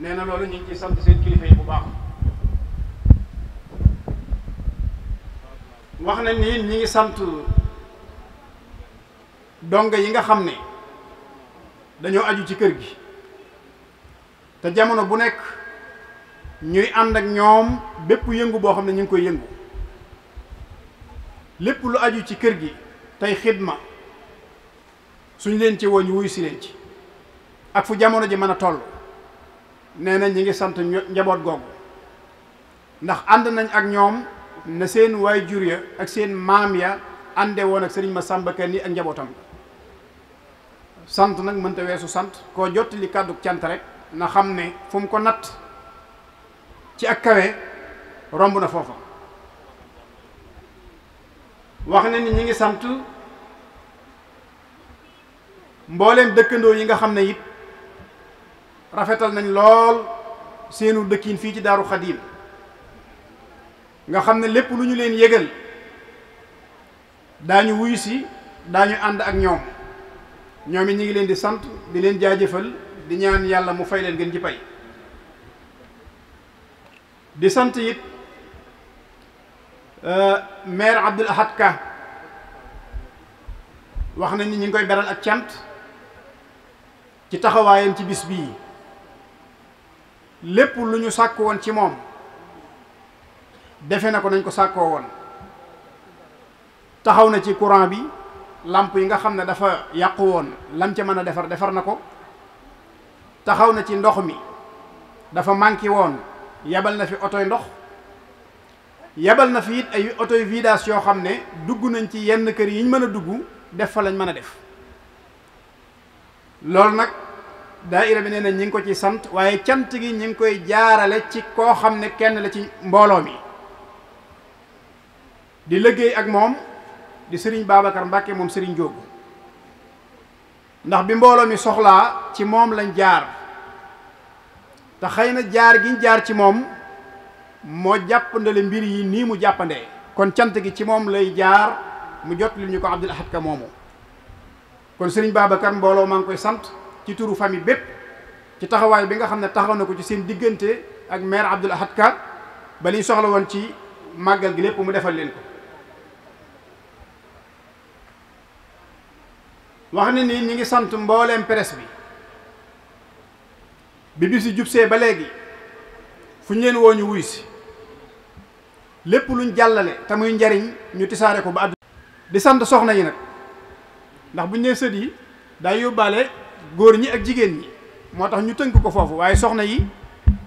nee na loolu ñu ngi ciy sant seen kilifa yi bu baax. wax nañ ni ñi ngi sant dongo yi nga xam ne dañoo aju ci kër gi te jamono bu nekk ñuy ànd ak ñoom bépp yëngu boo xam ne ñu ngi koy yëngu lépp lu aju ci kër gi tey xidma suñ leen ci woo ñu wuyu si leen ci ak fu jamono ji mën a toll nee nañ ñi ngi sant njaboot googu ndax ànd nañ ak ñoom na seen waay jur ya ak seen maam ya ànde woon ak sëriñ Massamba Kanni ak njabootam sant nag mënta weesu sant koo jot kàddu cant rek na xam ne fu mu ko natt ci ak kawe romb na foofa wax na ni ñu ngi sant mbooleem dëkkandoo yi nga xam ne it rafetal nañ lool seenu dëkkin fii ci Daaru Xadiim nga xam ne lépp lu ñu leen yëgal daañu wuyu si daañu ànd ak ñoom ñoom it ñu ngi leen di sant di leen jaajëfal di ñaan yàlla mu fay leen gën ci pay di sant it euh, maire Abdoul Ahad wax nañ ni ñu ngi koy beral ak cant ci taxawaayam ci bis bii lépp lu ñu sàkk woon ci moom defe na ko nañ ko sàkkoo woon taxaw na ci courant bi làmp yi nga xam ne dafa yàqu woon lam ci mën a defar defar na ko taxaw na ci ndox mi dafa manqué woon yebal na fi otoy ndox yebal na fi it ay otoy vidange yoo xam ne dugg nañ ci yenn kër yi ñu mën a dugg def fa lañ mën a def loolu nag daayira bi nee na ñi ngi ko ci sant waaye cant gi ñi ngi koy jaarale ci koo xam ne kenn la ci mbooloo mi di liggéey ak moom di sëriñ baabakar Mbacke moom sëriñ Jóobu ndax bi mbooloo mi soxlaa ci moom lañ jaar te xëy na jaar giñ jaar ci moom moo jàppandale mbir yi nii mu jàppandee kon cant gi ci moom lay jaar mu jot li ñu ko Abdul Ahad moomu kon sëriñ Babacar mbooloo maa ngi koy sant ci turu famille bépp ci taxawaay bi nga xam ne taxaw na ko ci seen diggante ak maire Abdul Ahad Ka ba liñ soxla woon ci màggal gi lépp mu defal leen wax ne nii ñi ngi sant mbooleem presse bi bi bi si jubsee ba léegi fu ñu leen woo ñu wuy si lépp luñ jàllale te muy njariñ ñu tisaare ko ba àdduna di sant soxna yi nag ndax buñ nee sët yi day yóbbaale góor ñi ak jigéen ñi moo tax ñu tënk ko foofu waaye soxna yi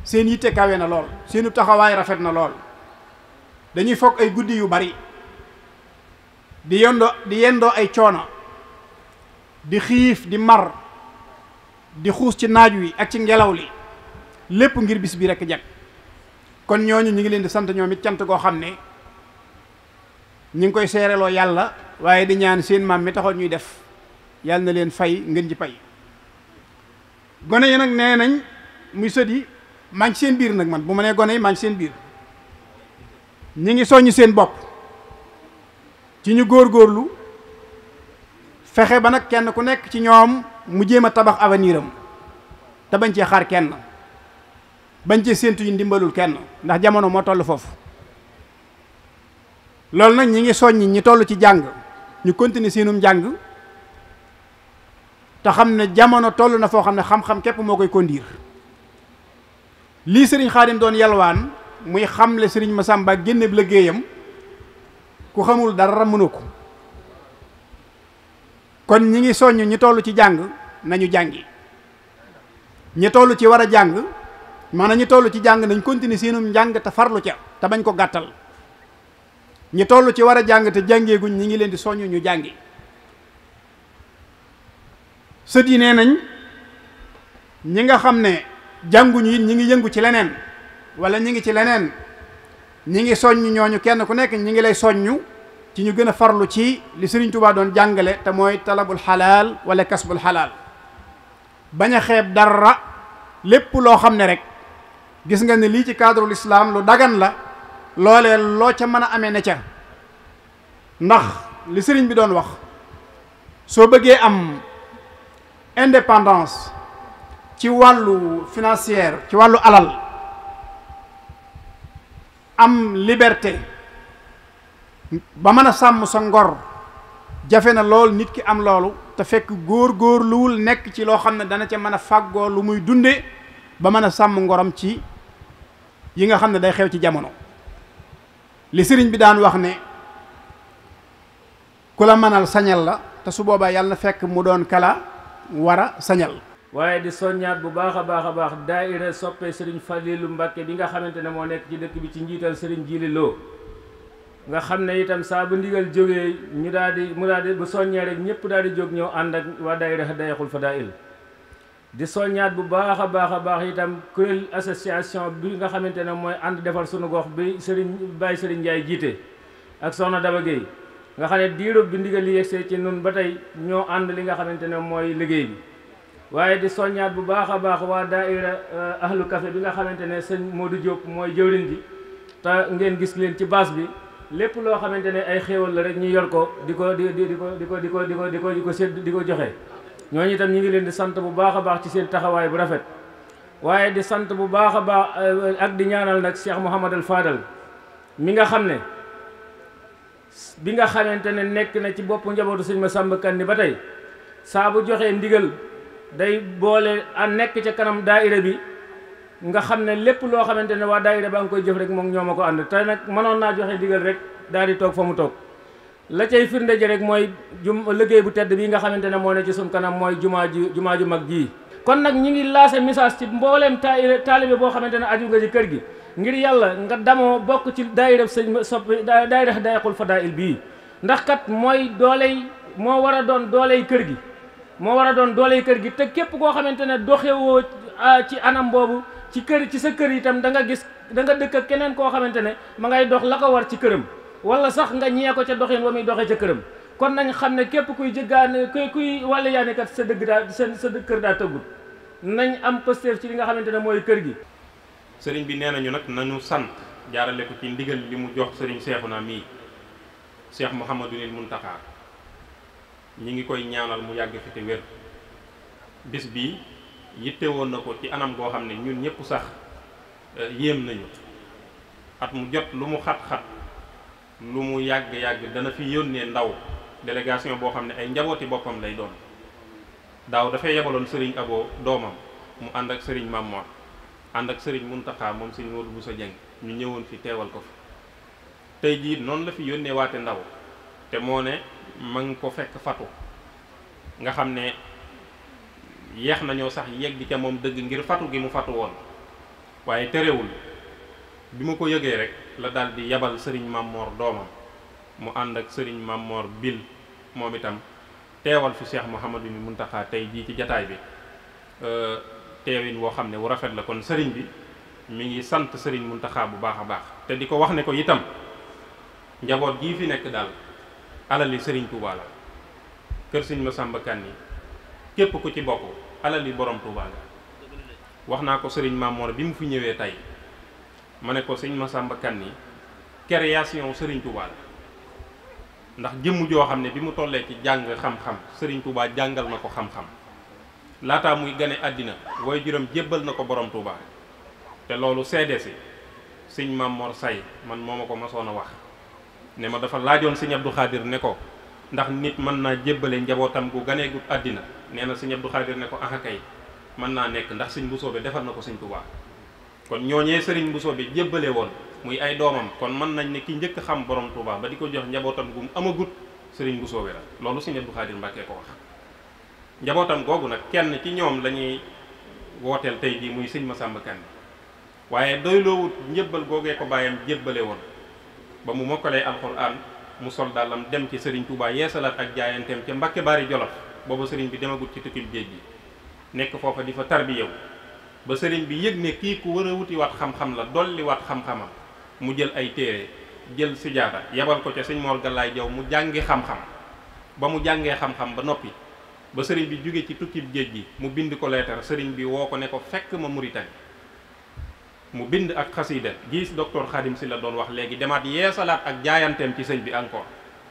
seen yitte kawe na lool seenu taxawaay rafet na lool dañuy foog ay guddi yu bari di yendoo di yendoo ay coono di xiif di mar di xuus ci naaj wi ak ci ngelaw li lépp ngir bis bi rekk jag kon ñooñu ñu ngi leen di sant ñoom it cant goo xam ne ñu ngi koy seereloo yàlla waaye di ñaan seen maam mi taxoon ñuy def yàlla na leen fay ngën ji pay gone yi nag nee nañ muy sët yi seen biir nag man bu ma nee gone yi maa seen biir ñu ngi soññ seen bopp ci ñu góorgóorlu fexe ba nag kenn ku nekk ci ñoom mu jéem a tabax avenir am te bañ cee xaar kenn bañ cee séentu yu ndimbalul kenn ndax jamono moo toll foofu loolu nag ñi ngi soññ ñi toll ci jàng ñu continuer seenum jàng te xam ne jamono toll na foo xam ne xam-xam képp moo koy conduire lii sëriñ Xaadim doon yalwaan muy xamle ma Masamba génne liggéeyam ku xamul dara mënu ko kon ñi ngi soññ ñi tollu ci jàng nañu jàngi ñi toll ci war a jàng maanaam ñi toll ci jàng nañ continuer seenum njàng te farlu ca te bañ ko gàttal ñi toll ci war a jàng te jàngeeguñ ñi ngi leen di soññ ñu jàngi sët yi nañ ñi nga xam ne jànguñu yi ñi ngi yëngu ci leneen wala ñi ngi ci leneen ñi ngi soññ ñooñu kenn ku nekk ñi ngi lay soññ ci ñu gën a farlu ci li Sëriñ Tuubaa doon jàngale te mooy talabul xalaal wala kasbul xalaal bañ a xeeb dara lépp loo xam ne rek gis nga ne lii ci cadre l'islam lu dagan la loolee loo ca mën a amee ne ca ndax li sëriñ bi doon wax soo bëggee am indépendance ci wàllu financière ci wàllu alal am liberté ba mën a sàmm sa ngor jafe na lool nit ki am loolu te fekk góor góor luwul nekk ci loo xam ne dana ca mën a fàggoo lu muy dunde ba mën a sàmm ngoram ci yi nga xam ne day xew ci jamono li sëriñ bi daan wax ne ku la mënal sañal la te su boobaa yàlla na fekk mu doon kala war a sañal waaye di soññaat bu baax a baax a baax daaira soppe sëriñ lu Mbàkke bi nga xamante ne moo nekk ci dëkk bi ci njiital sëriñ Jili loo nga xam ne itam saa bu ndigal jógee ñu daal di mu daal di bu soññee rek ñëpp daal di jóg ñëw ànd ak waa daayira Hadayatul Fadail di soññaat bu baax a baax a baax itam kuréel association bi nga xamante ne mooy ànd defar sunu gox bi Serigne bàyyi Serigne Ndiaye jiite ak Soxna Daba Gueye nga xam ne diirub bi ndigal li yegsee ci nun ba tey ñoo ànd li nga xamante ne mooy liggéey bi waaye di soññaat bu baax a baax waa daaira eh, ahlu café bi nga xamante ne sëñ Modou Diop mooy jëwriñ bi te ngeen gis leen ci baas bi lépp loo xamante ne ay xéewal la rek ñu yor ko di ko di di di ko di ko di ko di ko di ko di ko sédd di ko joxe ñooñu itam ñu ngi leen di sant bu baax a baax ci seen taxawaay bu rafet waaye di sant bu baax a baax ak di ñaanal nag Cheikh Mouhamadal Fadal mi nga xam ne bi nga xamante ne nekk na ci bopp njabootu sëñ Massamba Kanni ba tey saa bu joxee ndigal day boole a nekk ca kanam daaira bi nga xam ne lépp loo xamante ne waa daayira ba nga koy jëf rek moom ñoo ma ko ànd te nag mënoon naa joxe digal rek daal di toog fa mu toog la cay firnde ji rek mooy jum liggéey bu tedd bii nga xamante ne moo ne ci suñ kanam mooy jumaa ji jumaa ju mag jii kon nag ñi ngi laase message ci mbooleem ta taalibe boo xamante ne aju nga ci kër gi ngir yàlla nga damoo bokk ci daayira sëñ soppi daayira dayaqul fadail bii ndax kat mooy doole yi moo war a doon dooley kër gi moo war a doon dooley kër gi te képp koo xamante ne doxewoo ah, ci anam boobu ci kër ci sa kër itam danga gis danga nga dëkk keneen koo xamante ne ma ngay dox la ko war ci këram wala sax nga ñee ko ca doxin wa muy doxe ca këram kon nañ xam ne képp kuy jëggaane kuy kuy wàllu yaanekat sa dëgg daa sa sa kër daa tëggul nañ am pësteef ci li nga xamante ne mooy kër gi sëriñ bi nee nañu nag nañu sant jaarale ko ci ndigal li mu jox sëriñ naa mii Cheikh Mouhamadunil Muntaxa ñu ngi koy ñaanal mu yàgg fi te wér bis bii yitte woon na ko ci anam goo xam ne ñun ñëpp sax euh, yéem nañu at mu jot lu mu xat-xat lu mu yàgg-yàgg dana fi yónnee ndaw délégation boo xam ne ay njabooti boppam lay doon daaw dafay yebaloon sëriñ aboo doomam mu ànd ak sëriñ Mamoor ànd ak sëriñ Muntaxa moom sëriñ Modou Bousso Dieng ñu ñëwoon fi teewal ko fi tey jii noonu la fi yónnee waate ndaw te moo ne ma ngi ko fekk fatu nga xam ne yeex nañoo sax yegg ca moom dëgg ngir fatu gi mu fatu woon waaye terewul bi ma ko yëgee rek la daal di yabal sëriñ Mamor doomam mu ànd ak sëriñ Mamor Bil moom itam teewal fi Cheikh Mouhamadou ni Muntaxa tey jii ci jataay bi euh, teewin woo xam ne wu rafet la kon sëriñ bi mu ngi sant sëriñ Muntaxa bu baax a baax te di ko wax ne ko itam njaboot gii fi nekk daal alali sëriñ Tuubaa kër kër sëriñ Masamba Kanni képp ku ci bokk alal yi borom Touba nga wax naa ko sëriñ Mamoor bi mu fi ñëwee tey ma ne ko sëñ Massamba ni création sëriñ Touba la ndax jëmm joo xam ne bi mu tollee ci jàng xam-xam sëriñ Touba jàngal na ko xam-xam laataa muy gane àddina woy juróom jébbal na ko borom Touba te loolu seede si sëñ Mamoor Say man mooma ko masoon a wax ne ma dafa laajoon sëñ Abdou Khadir ne ko ndax nit mën naa jébbale njabootam gu ganeegut àddina nee na sëñ Abdou Khadir ne ko ah kay mën naa nekk ndax sëñ Bousso bi defal na ko sëñ Touba kon ñooñee sëriñ Bousso bi jébbale woon muy ay doomam kon mën nañ ne ki njëkk xam borom Touba ba di ko jox njabootam gu gum amagut sëriñ Bousso bi la loolu sëñ Abdou Khadir Mbàkke ko wax njabootam googu nag kenn ci ñoom lañuy ñuy wooteel tey jii muy sëñ Massamba Kanni waaye doyloowut njëbbal googee ko bàyyam jébbale woon ba mu mokkalee alxuraan mu sol dàllam dem ci sëriñ Touba yeesalaat ak jaayanteem ca Mbàkke Bari Jolof booba sëriñ bi demagul ci tukki géej gi nekk foofa di fa tarbiyew ba sëriñ bi yëg ne kii ku war a wutiwaat xam-xam la dolliwaat xam-xamam mu jël ay téere jël sujaata yebal ko ca sëñ Mor Galaay Jaw mu jàngi xam-xam ba mu jàngee xam-xam ba noppi ba sëriñ bi jóge ci tukkib géej gi mu bind ko leetar sëriñ bi woo ko ne ko fekk ma Muritani mu bind ak xasiida gis docteur Xadim si la doon wax léegi demaat salaat ak jaayanteem ci sëñ bi encore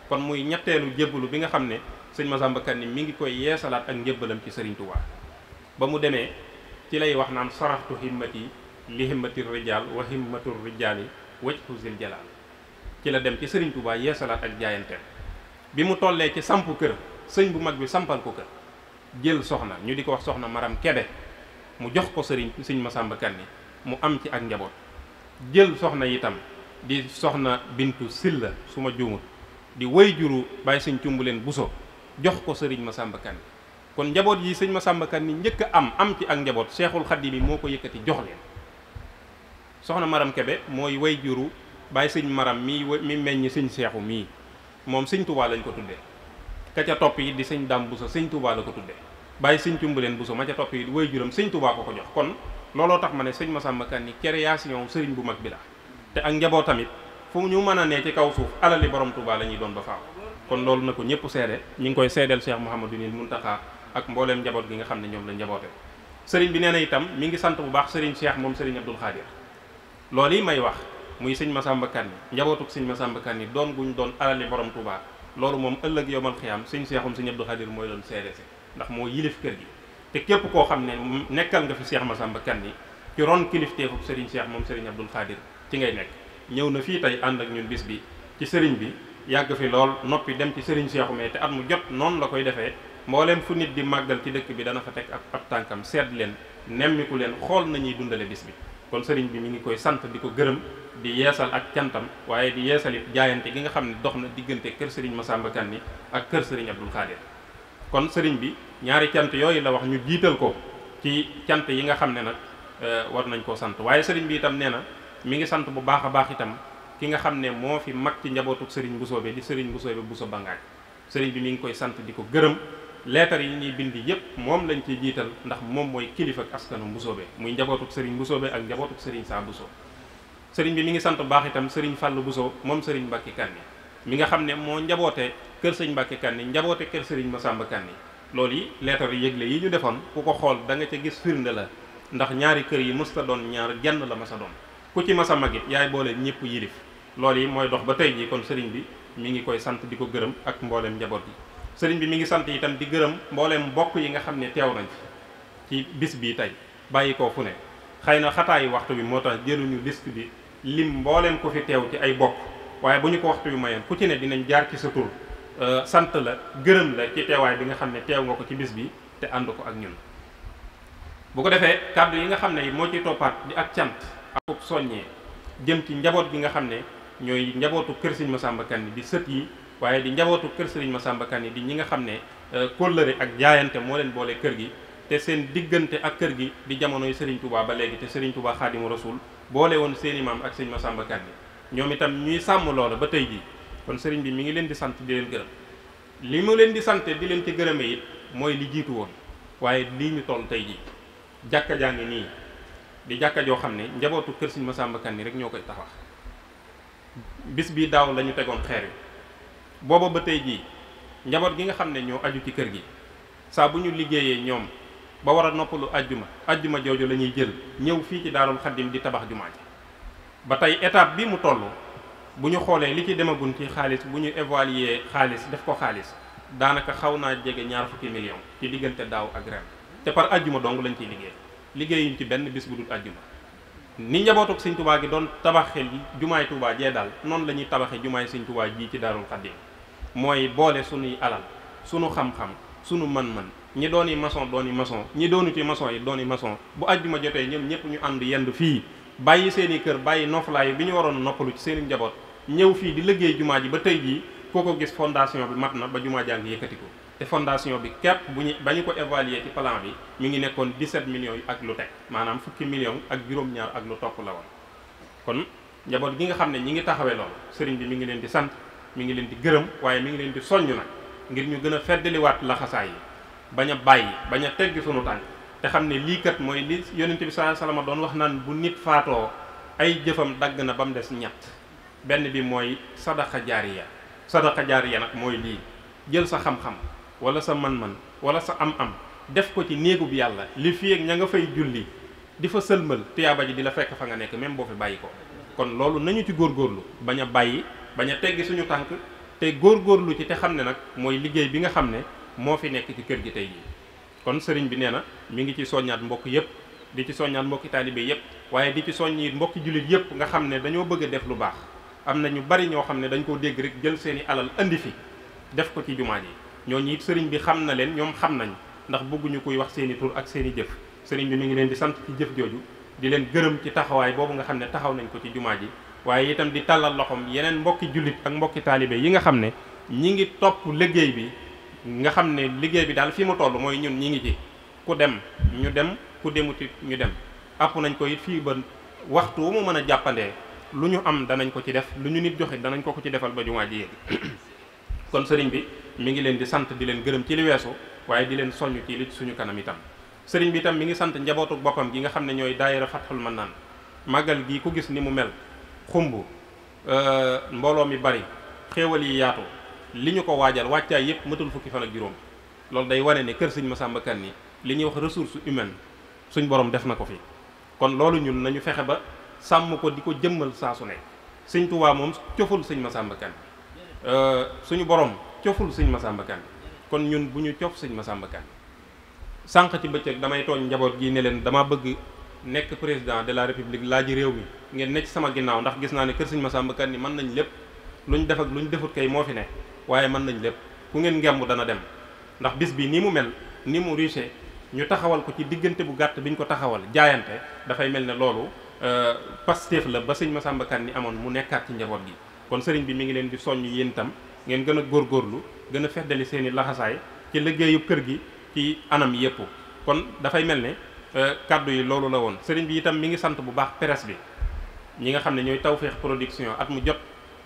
kon muy ñetteelu jébbalu bi nga xam ne sëñ Masamba Kanni mi ngi koy yeesalaat ak njëbbalam ci sëriñ Touba ba mu demee ci lay wax naan saraxtu himmati li himmati rijaal wa himmatu rijaali wajhu zil jalaal ci la dem ci sëriñ Touba yeesalaat ak jaayanteem bi mu tollee ci samp kër sëñ bu mag bi sampal ko kër jël soxna ñu di ko wax soxna maram kebe mu jox ko sëriñ sëñ ma Masamba Kanni mu am ci ak njaboot jël soxna itam di soxna bintu silla su ma juumut di way juru bàyyi sëñ cumbuleen buso jox ko sëriñ Masamba Kan kon njaboot yi sëñ ma Kan ni njëkk a am am ci ak njaboot Seexul Xadiim yi moo ko yëkkati jox leen soxna Maram Kebe mooy way juru bàyyi sëñ Maram mi mi meññ sëñ Seexu mii moom sëñ Tuubaa lañ ko tuddee ka ca topp yi di sëñ Dam Buso sëñ Tuubaa la ko tuddee bàyyi sëñ leen Buso ma ca topp yi way juram sëñ Tuubaa ko ko jox kon looloo tax ma ne sëñ ma Kan ni création sëriñ bu mag bi la te ak njaboot tamit fu ñu mën a ne ci kaw suuf alali borom Tuubaa la ñuy doon ba faaw kon loolu na ko ñëpp seede ñu ngi koy seedeel Cheikh Mouhamadou Nil Muntaxa ak mbooleem njaboot gi nga xam ne ñoom la njaboote sëriñ bi nee na itam mi ngi sant bu baax sëriñ Cheikh moom sëriñ Abdul Xaadir loolu yi may wax muy sëñ Masamba Kan yi njabootuk sëñ Masamba Kan yi doon guñ doon alali borom Touba loolu moom ëllëg yowmal xiyaam sëñ Seexum sëñ Abdul Xaadir mooy doon seede si ndax moo yilif kër gi te képp koo xam ne nekkal nga fi seex ma Kan yi ci ron kilifteefu sëriñ moom sëriñ Abdul Xaadir ci ngay nekk ñëw na fii tey ànd ak ñun bis bi ci sëriñ bi yàgg fi lool noppi dem ci sëriñ Seexu mee te at mu jot noonu la koy defee mbooleem fu nit di màggal ci dëkk bi dana fa teg ab ab tànkam seet leen nemmiku leen xool nañuy dundale bis bi kon sëriñ bi mi ngi koy sant di ko gërëm di yeesal ak cantam waaye di yeesal jaayante gi nga xam ne dox na diggante kër sëriñ kan ni ak kër sëriñ Abdul Xaadir kon sëriñ bi ñaari cant yooyu la wax ñu jiital ko ci cant yi nga xam ne nag euh, war nañ koo sant waaye sëriñ bi itam nee na mi ngi sant bu baax a baax itam ki nga xam ne moo fi mag ci njabootuk sëriñ Mbusoobe di sëriñ Mbusoobe Buso Bangaaj sëriñ bi mi ngi koy sant di ko gërëm leetar yi ñuy bind yépp moom lañ ciy jiital ndax moom mooy kilifa ak askanu Mbusoobe muy njabootuk sëriñ Mbusoobe ak njabootuk sëriñ Saa Buso sëriñ bi mi ngi sant baax itam sëriñ Fàllu Buso moom sëriñ Mbàkke Kanni mi nga xam ne moo njaboote kër sëriñ Mbàkke Kanni njaboote kër sëriñ Masàmba Kanni loolu yi leetar yëgle yi ñu defoon ku ko xool da nga ca gis firnde la ndax ñaari kër yi mës doon ñaar genn la masa doon ku ci masa magit yaay boole ñëpp yilif loolu yi mooy dox ba tey jii kon sëriñ bi mu ngi koy sant di ko gërëm ak mbooleem njaboot yi sëriñ bi mi ngi sant itam di gërëm mbooleem mbokk yi nga xam ne teew nañ ci bis bii tey bàyyi koo fu ne xëy na xataayi waxtu bi moo tax jëluñu liste bi lim mbooleem ku fi teew ci ay bokk waaye bu ñu ko waxtu bi mayoon ci ne dinañ jaar ci sa tur euh, sant la gërëm la ci teewaay bi nga xam ne teew nga ko ci bis bi te ànd ko ak ñun bu ko defee kàddu yi nga xam ne moo ci toppaat di ak cant ak soññee jëm ci njaboot bi nga xam ne ñooy njabootu kër ma Masamba Kanni di sët yi waaye di njabootu kër sëriñ Masamba Kanni di ñi nga xam ne euh, kóllëre ak jaayante moo leen boole kër gi te seen diggante ak kër gi di jamonoy Serigne Touba ba léegi te Serigne Touba Xaadimu Rasuul boole woon seen i maam ak sëñ Masamba Kanni ñoom itam ñuy sàmm loola ba tey jii kon sëriñ bi mu ngi leen di sant di leen gërëm li mu leen di sant di leen ci gërëme it mooy li jiitu woon waaye lii ñu toll tey jii jàkka jaa nii di jàkka joo xam ne njabootu kër sëñ Masamba Kanni rek ñoo koy taxaw bis bi daaw lañu tegoon xeer yi booba ba tey jii njaboot gi nga xam ne ñoo aju ci kër gi saa bu ñu liggéeyee ñoom ba war a noppalu ajjuma ajjuma jooju la ñuy jël ñëw fii ci daarul xaddim di tabax jumaa ji ba tey étape bi mu toll bu ñu xoolee li ci demaguñ ci xaalis bu ñu évaluer xaalis def ko xaalis daanaka xaw naa jege ñaar fukki million ci diggante daaw ak ren te par ajjuma dong lañ ciy liggéey liggéeyuñ ci benn bis bu dul ajjuma ni njabootuk sëñ tubaa gi doon tabaxe jumaay tubaa jee daal noonu la ñuy jumaa jumaay sëñ tubaa jii ci daarul xaddim mooy boole sunuy alal sunu xam-xam sunu man mën ñi dooni maçon dooni maçon ñi ci maçon yi dooni maçon bu àjjuma jotee ñoom ñëpp ñu ànd yendu fii bàyyi seeni kër bàyyi noflaayu bi ñu waroon noppalu ci seeni njaboot ñëw fii di liggéey jumaa ji ba tey jii koo ko gis fondation bi mat na ba jumaa jaa ngi yëkkati ko te fondation bi képp bu ñu ba ñu ko évaluer ci plan bi mi ngi nekkoon 17 millions yu ak lu teg maanaam fukki millions ak juróom-ñaar ak lu topp la woon kon njaboot gi nga xam ne ñi ngi taxawee loolu sëriñ bi mi ngi leen di sant mi ngi leen di gërëm waaye mi ngi leen di soññ nag ngir ñu gën a feddaliwaat laxasaay yi bañ a bàyyi bañ a tegg sunu tànk te xam ne lii kat mooy li yonent bi sa alayhi wasallam doon wax naan bu nit faatoo ay jëfam dagg na ba mu des ñett benn bi mooy sadaqa jaariya sadaqa jaariya nag mooy lii jël sa xam wala sa man-man wala sa am-am def ko ci néegub yàlla li fi ak ña nga fay julli di fa sëlmal tuyaaba ji di la fekk fa nga nekk même boo fi bàyyi ko kon loolu nañu ci góor góorlu bañ a bàyyi bañ a teggi suñu tànk te góor góorlu ci te xam ne nag mooy liggéey bi nga xam ne moo fi nekk ci kër gi tey jii kon sëriñ bi nee na mu ngi ci soññaat mbokk yépp di ci soññaat mbokki taalibe yépp waaye di ci soññi mbokki jullit yépp nga xam ne dañoo bëgg a def lu baax am na ñu bari ñoo xam ne dañ koo dégg rek jël seeni alal andi fi def ko ci jumaa ji ñooñu it sëriñ bi xam na leen ñoom xam nañ ndax bëgguñu koy wax seen tur ak seeni jëf sëriñ bi mi ngi leen di sant ci jëf jooju di leen gërëm ci taxawaay boobu nga xam ne taxaw nañ ko ci jumaa ji waaye itam di tàllal loxoom yeneen mbokki jullit ak mbokki taalibe yi nga xam ne ñi ngi topp liggéey bi nga xam ne liggéey bi daal fii mu toll mooy ñun ñi ngi ci ku dem ñu dem ku demuti ñu dem àpp nañ ko it fii ba waxtu mu mën a jàppandee lu ñu am danañ ko ci def lu ñu nit joxe danañ ko ko ci defal ba jumaa ji kon sëriñ bi mi ngi leen di sant di leen gërëm ci li weesu waaye di leen soññ ci li suñu kanam itam sëriñ bi itam mi ngi sant njabootu boppam gi nga xam ne ñooy daayira Fatxul Mannaan màggal gi ku gis ni mu mel xumb euh, mbooloo mi bari xéewal yi yaatu li ñu ko waajal wàccaay yëpp matul fukki fan ak juróom loolu day wane ne kër sëñ ma Massamba ni li ñuy wax ressource humaine suñ borom def na ko fi kon loolu ñun nañu fexe ba sàmm ko di ko jëmmal saasu ne sëñ Tuubaa moom coful sëñ Massamba Kanni euh, suñu borom coful sëñ Massamba Kane kon ñun bu ñu cof sëñ Massamba Kane sànq ci bëccëg damay tooñ njaboot gi ne leen dama bëgg nekk président de la république laaj réew mi ngeen ne sama ginnaaw ndax gis naa ne kër sëñ Massamba Kane ni man nañ lépp lu ñu def ak lu ñu defut kay moo fi ne waaye mën nañ lépp ku ngeen ngemb dana dem ndax bis bi nii mu mel ni mu riche ñu taxawal ko ci diggante bu gàtt bi ñu ko taxawal jaayante dafay mel ne loolu euh, Pastef la ba sëñ Massamba Kane ni amoon mu nekkaat ci njaboot gi kon sëriñ bi mi ngi leen di soññ yéen itam ngeen gën a góorlu gën a feddali seeni laxasaay ci liggéeyu kër gi ci anam yépp kon dafay mel ne euh, kàddu yi loolu la woon sëriñ bi itam mi ngi sant bu baax presse bi ñi nga xam ne ñooy Tawfekh Production at mu jot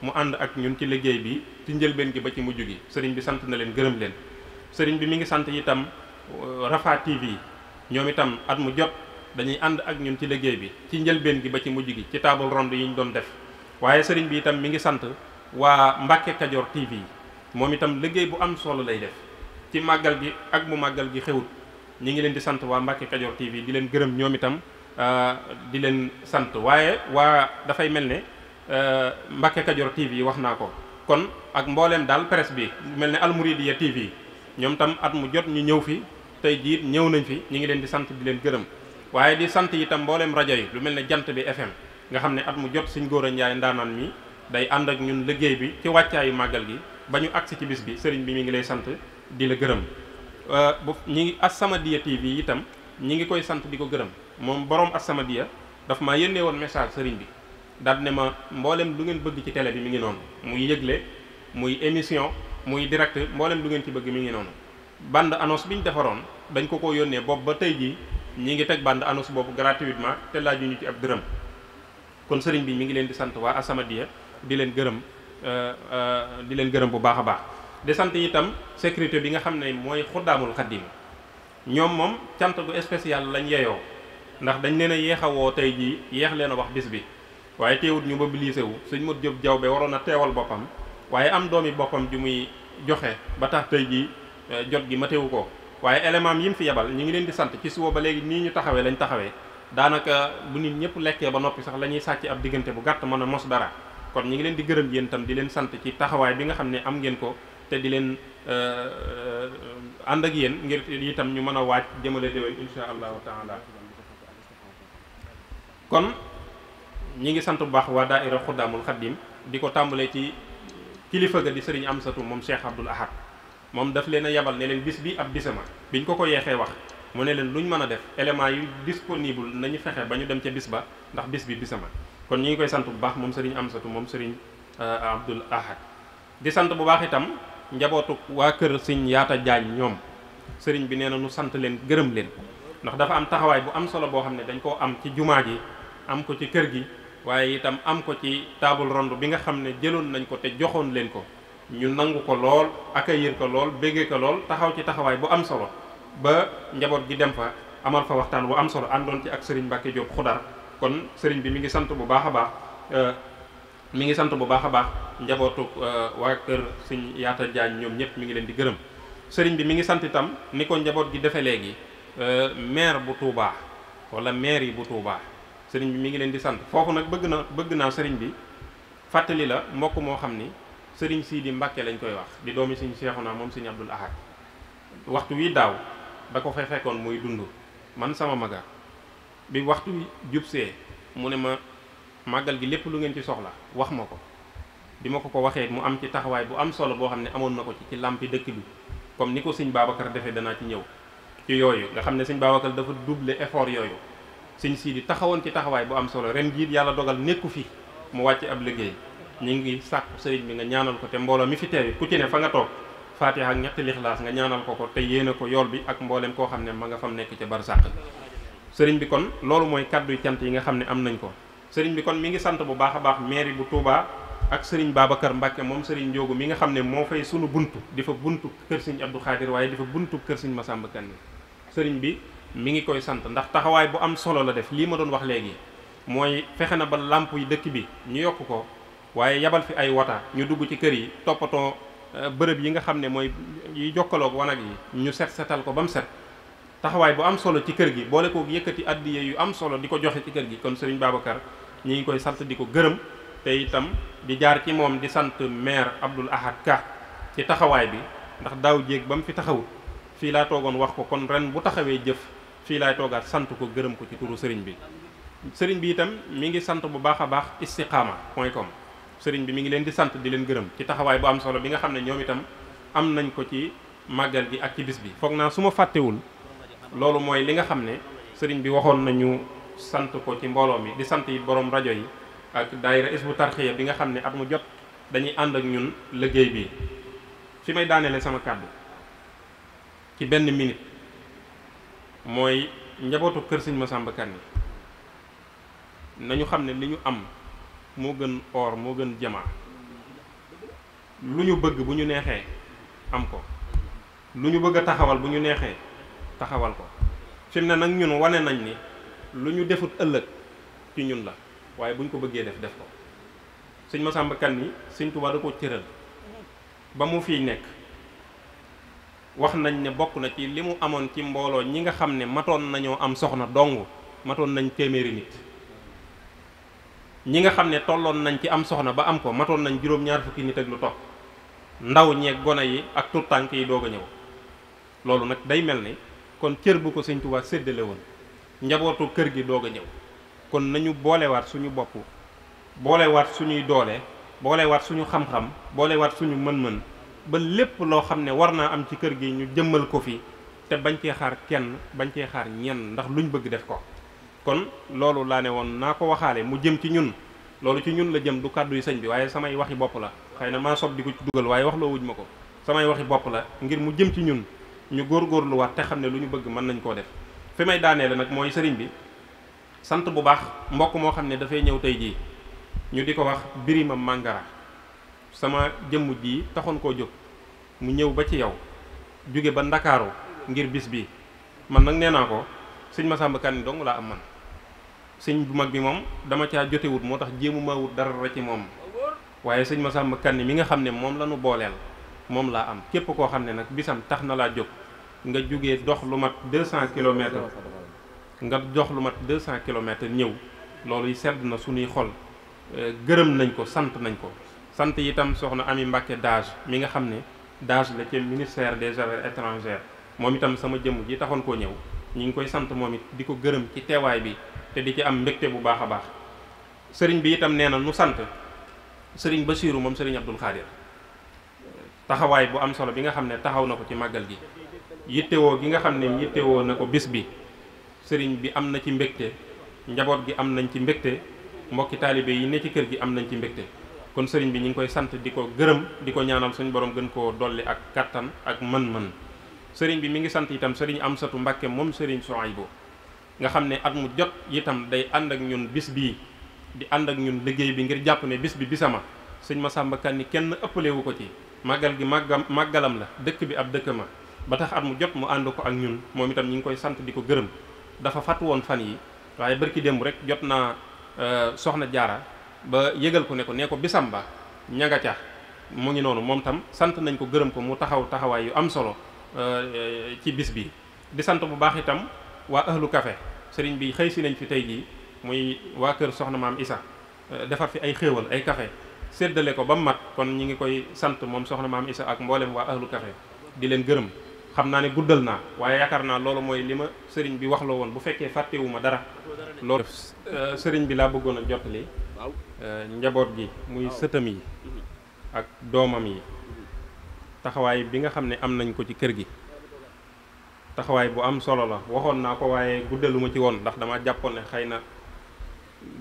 mu ànd ak ñun ci liggéey bi njëlbeen gi ba ci mujj gi sëriñ bi sant na leen gërëm leen sëriñ bi mi ngi sant itam euh, Rafa TV ñoom itam at mu jot dañuy ànd ak ñun ci liggéey bi ci njëlbeen gi ba ci mujj gi ci table ronde yi ñu doon def waaye sëriñ bi itam mi ngi sant waa Mbacke Kadior TV moom itam liggéey bu am solo lay def ci màggal gi ak mu màggal gi xewut ñi ngi leen di sant waa Mbacke Kadior TV di leen gërëm ñoom itam euh, di leen sant waaye waa dafay mel ne euh, Mbacke Kadior TV wax naa ko kon ak mbooleem daal presse bi mel ne Almouridiya TV ñoom itam at mu jot ñu ñëw fi tey jii ñëw nañ fi ñu ngi leen di sant di leen gërëm waaye di sant itam mbooleem rajo yi lu mel ne jant bi FM nga xam ne at mu jot suñ góor a Njaay ndaanaan day ànd ak ñun liggéey bi ci wàccaayu màggal gi ba ñu agsi ci bis bi sëriñ bi mu ngi lay sant di la gërëm euh, bu ñi ngi As-Samadiyya TV itam ñi ngi koy sant di ko gërëm moom borom As-Samadiyya daf maa yónnee woon message sëriñ bi daal ne ma mboolem lu ngeen bëgg ci télé bi mi ngi noonu muy yëgle muy émission muy direct mboolem lu ngeen ci bëgg mi ngi noonu bande annonce bi ñu defaroon dañ ko ko yónnee bopp ba tey jii ñi ngi teg bande annonce boobu gratuitement te laaju ñu ci ab dërëm kon sëriñ bi mi ngi leen di sant waa As-Samadiyya di leen gërëm euh, euh, di leen gërëm bu baax a baax di sant itam sécurité bi nga xam ne mooy xuddaamul xaddim ñoom moom cant gu spécial lañ yeyoo ndax dañ leen a yéex a woo tey jii yéex leen a wax bis bi waaye teewut ñu mobilisé wu suñ mot jób jaww be waroon a teewal boppam waaye am doomi boppam ju muy joxe ba tax tey jii euh, jot gi ma teewu ko waaye élément yi mu fi yebal ñu ngi leen di sant ci suba ba léegi nii ñu taxawee lañ taxawee daanaka bu nit ñëpp lekkee ba noppi sax la ñuy sàcc ab diggante bu gàtt mën a mos dara kon ñi ngi leen di gërëm yéen tam di leen sant ci taxawaay bi nga xam ne am ngeen ko te di leen euh, euh, ànd ak yéen ngir itam ñu mën a waaj jëmale déwén insha allah taala kon ñi ngi sant bu baax waa daaira xuddaamul xaddim di ko tàmbalee ci kilifa ga di sëriñ Amsatu moom Cheikh Abdoul Ahad moom daf leen a yabal ne leen bis bi ab bisama biñ ko ko yeexee wax mu ne leen lu ñu mën a def éléments yu disponible nañu fexe ba ñu dem ca bis ba ndax bis bi bisama kon ñu ngi koy sant bu baax moom sëriñ Amsatu moom sëriñ euh, Abdul Ahad di sant bu baax itam njabootu waa kër sëñ Yaata Jaañ ñoom sëriñ bi nee na nu sant leen gërëm leen ndax dafa am taxawaay bu am solo boo xam ne dañ koo am ci jumaa gi am ko ci kër gi waaye itam am ko ci taabul ronde bi nga xam ne jëloon nañ ko te joxoon leen ko ñu nangu ko lool accueillir ko lool béggee ko lool taxaw ci taxawaay bu am solo ba njaboot gi dem fa amal fa waxtaan bu am solo àndoon ci ak sëriñ Mbàkke Jóob Xudar kon sëriñ bi mi ngi sant bu baax a baax euh, mi ngi sant bu baax a baax njabootu euh, waa kër sëñ yaatal Jaañ ñoom ñëpp mu ngi leen di gërëm sëriñ bi mi ngi sant itam ni ko njaboot gi defee léegi euh, maire bu Touba wala maire yi bu Touba sëriñ bi mi ngi leen di sant foofu nag bëgg na bëgg naa sëriñ bi fàttali la mbokk moo xam ni sëriñ di Mbàkke lañ koy wax di doomi sëñ naa moom sëñ Abdul Ahad waxtu wi daaw da ko fa fekkoon muy dund man sama maga bi waxtu jubsee mu ne ma màggal gi lépp lu ngeen ci soxla wax ma ko bi ma ko ko waxee mu am ci taxawaay bu am solo boo xam ne amoon na ko ci ci làmpi dëkk bi comme ni ko sëñ Babacar defee danaa ci ñëw ci yooyu nga xam ne sëñ Babacar dafa duble effort yooyu sëñ Sidi taxawoon ci taxawaay bu am solo ren jiit yàlla dogal nekku fi mu wàcce ab liggéey ñu ngi sàkku sëriñ bi nga ñaanal ko te mbooloo mi fi teewi ku ci ne fa nga toog Faatiha ak ñetti lixlaas nga ñaanal ko ko yéene ko yool bi ak mboolem koo xam ne ma nga fam nekk ca barsàq sëriñ bi kon loolu mooy kàdduy cant yi nga xam ne am nañ ko sëriñ bi kon mi ngi sant bu baax a baax mairie bu Touba ak sëriñ baaba kër mbàkke moom sëriñ Njoogu mi nga xam ne moo fay sunu buntu di fa buntu kër sëriñ Abdou Khadir waaye di fa buntu kër sëriñ Massamba Kanni sëriñ bi mi ngi koy sant ndax taxawaay bu am solo la def lii ma doon wax léegi mooy fexe na ba làmp yi dëkk bi ñu yokk ko waaye yabal fi ay wata ñu dugg ci kër yi toppatoo euh, bërëb yi nga xam ne mooy yi jokkaloog wanag yi ñu set setal ko ba mu set taxawaay bu am solo ci kër gi boole ko yëkkati addiya yu am solo di ko joxe ci kër gi kon sëriñ Babacar ñi ngi koy sant di ko gërëm te itam di jaar ci moom di sant maire Abdoul Ahad Ka ci taxawaay bi ndax daaw jéeg ba mu fi taxawut fii laa toogoon wax ko kon ren bu taxawee jëf fii laay toogaat sant ko gërëm ko ci turu sëriñ bi sëriñ bi itam mi ngi sant bu baax a baax istiqaama point com sëriñ bi mu ngi leen di sant di leen gërëm ci taxawaay bu am solo bi nga xam ne ñoom itam am nañ ko ci màggal gi ak bi foog naa su ma fàttewul loolu mooy li nga xam ne sëriñ bi waxoon nañu sant ko ci mbooloo mi di sant yi boroom rajo yi ak daayira bu tarxiya bi nga xam ne at mu jot dañuy ànd ak ñun liggéey bi fi may daaneele sama kàddu ci benn minute mooy njabootu kër sëñ Masamba Kanni nañu xam ne li ñu am moo gën or moo gën jamaa lu ñu bëgg bu ñu neexee am ko lu ñu bëgg a taxawal bu ñu neexee taxawal ko fi mu ne nag ñun wane nañ ni lu ñu defut ëllëg ci ñun la waaye buñ ko bëggee def def ko sëñ Masamba Kan yi sëñ Tuubaa da ko cëral ba mu fiy nekk wax nañ ne bokk na ci li mu amoon ci mbooloo ñi nga xam ne matoon nañoo am soxna dong matoon nañ téeméeri nit ñi nga xam ne tolloon nañ ci am soxna ba am ko matoon nañ juróom-ñaar fukki nit ak lu topp ndaw ñee gone yi ak tur tànk yi doog a ñëw loolu nag day mel ni kon cër bu ko sëñ Tuubaa séddale woon njabootu kër gi doog a ñëw kon nañu boolewaat suñu bopp boolewaat suñuy doole boolewaat suñu xam-xam boolewaat suñu mën-mën ba lépp loo xam ne war naa am ci kër gi ñu jëmmal ko fi te bañ kee xaar kenn bañ cee xaar ñenn ndax lu ñu bëgg def ko kon loolu laa ne woon naa ko waxaale mu jëm ci ñun loolu ci ñun la jëm du kàddu yu sëñ bi waaye samay waxi bopp la xëy na maa sob di ko ci dugal waaye wax loo wuj ma ko samay waxi bopp la ngir mu jëm ci ñun ñu góor góorgóorluwaat te xam ne lu ñu bëgg mën nañu koo def fi may daanee la nag mooy sëriñ bi sant bu baax mbokk moo xam ne dafay ñëw tey jii ñu di ko wax Birima màngara sama jëmm jii taxoon koo jóg mu ñëw ba ci yow jóge ba ndakaaru ngir bis bi mën nag nee naa ko sëñ Massamba Kanni dong laa am man sëñ bu mag bi moom dama caa jotewut moo tax jéemu maa wut dara ci moom waaye sëñ sàmb Kanni mi nga xam ne moom la nu booleel moom laa am képp koo xam ne nag bisam tax na laa jóg nga jógee dox lu mat 200 kilomètres nga dox lu mat 200 kilomètres ñëw loolu sedd na suñuy xol euh, gërëm nañ ko sant nañ ko sant itam soxna Ami Mbàkke Dage mi nga xam ne Dage la ca ministère des affaires étrangères moom itam sama jëmm ji taxoon koo ñëw ñu ngi koy sant moom it di ko gërëm ci teewaay bi te di ci am mbégte bu baax a baax sëriñ bi itam nee na nu sant sëriñ Basiiru moom sëriñ Abdul Xaadir taxawaay bu am solo bi nga xam ne taxaw na ko ci màggal gi yittewoo gi nga xam ne yittewoo na ko bis bi sëriñ bi am na ci mbégte njaboot gi am nañ ci mbégte mbokki taalibe yi ne ci kër gi am nañ ci mbégte kon sëriñ bi ñu ngi koy sant di ko gërëm di ko ñaanal suñu boroom gën koo dolli ak kàttan ak man mën sëriñ bi mu ngi sant itam sëriñ Amsatu Mbàkke moom sëriñ Suwaybu nga xam ne at mu jot yitam day ànd ak ñun bis bii di ànd ak ñun liggéey bi ngir jàpp ne bis bi bisama sëñ Masamba Kanni kenn ëppalewu ko ci màggal gi màggam màggalam la dëkk bi ab dëkk ma ba tax at mu jot mu ànd ko ak ñun moom itam ñu ngi koy sant di ko gërëm dafa fàtt woon fan yi waaye barki démb rek jot naa euh, soxna jaara ba yëgal ko ne ko nee ko bisam ba ña ca mu ngi noonu moom itam sant nañ ko gërëm ko mu taxaw taxawaay yu am solo euh, ci bis bi di sant bu baax itam waa ahlu café sëriñ bi xëy si nañ fi tey jii muy waa kër soxna maam Isa euh, defar fi ay xéewal ay kafe séddale ko ba mu mat kon ñi ngi koy sant moom soxna maam Isa ak mboolem waa ahlu tafe di leen gërëm xam naa ne guddal naa waaye yaakaar naa loolu mooy li ma sëriñ bi wax la woon bu fekkee fàttewuma dara loolu euh, sëriñ bi laa bëggoon a jottali euh, njaboot gi muy sëtam yi mhm. ak doomam yi taxawaay bi nga xam ne am nañ ko ci kër gi taxawaay bu am solo la waxoon naa ko waaye guddaluma ci woon ndax dama jàppoon ne xëy na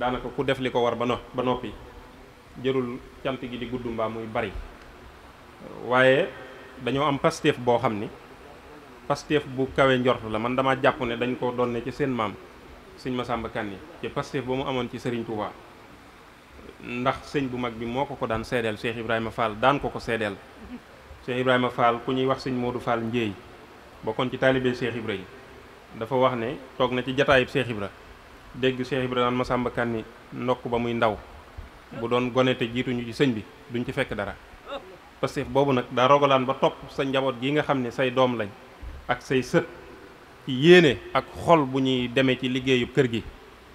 daanaka ku def li ko war ba no ba noppi jërul cant gi di gudd mbaa muy bari waaye dañoo am pasteef boo xam ni pasteef bu kawe njort la man dama jàpp ne dañ ko doon ne ci seen maam sëñ Masamba Kanni ci pasteef ba mu amoon ci Serigne Touba ndax sëñ bu mag bi moo ko ko daan seedeel Cheikh Ibrahima Fall daan ko ko seedeel Cheikh Ibrahima Fall ku ñuy wax sëñ Modou Fall Ndiéy kon ci taalibe Cheikh Ibra yi dafa wax ne toog na ci jataayub Cheikh Ibra dégg Cheikh Ibra daan Masamba Kanni ndokk ba muy ndaw bu doon gone te jiituñu ci sëñ bi duñ ci fekk dara pastéef boobu nag daa rogalaan ba topp sa njaboot gi nga xam ne say doom lañ ak say sët yéene ak xol bu ñuy demee ci liggéeyu kër gi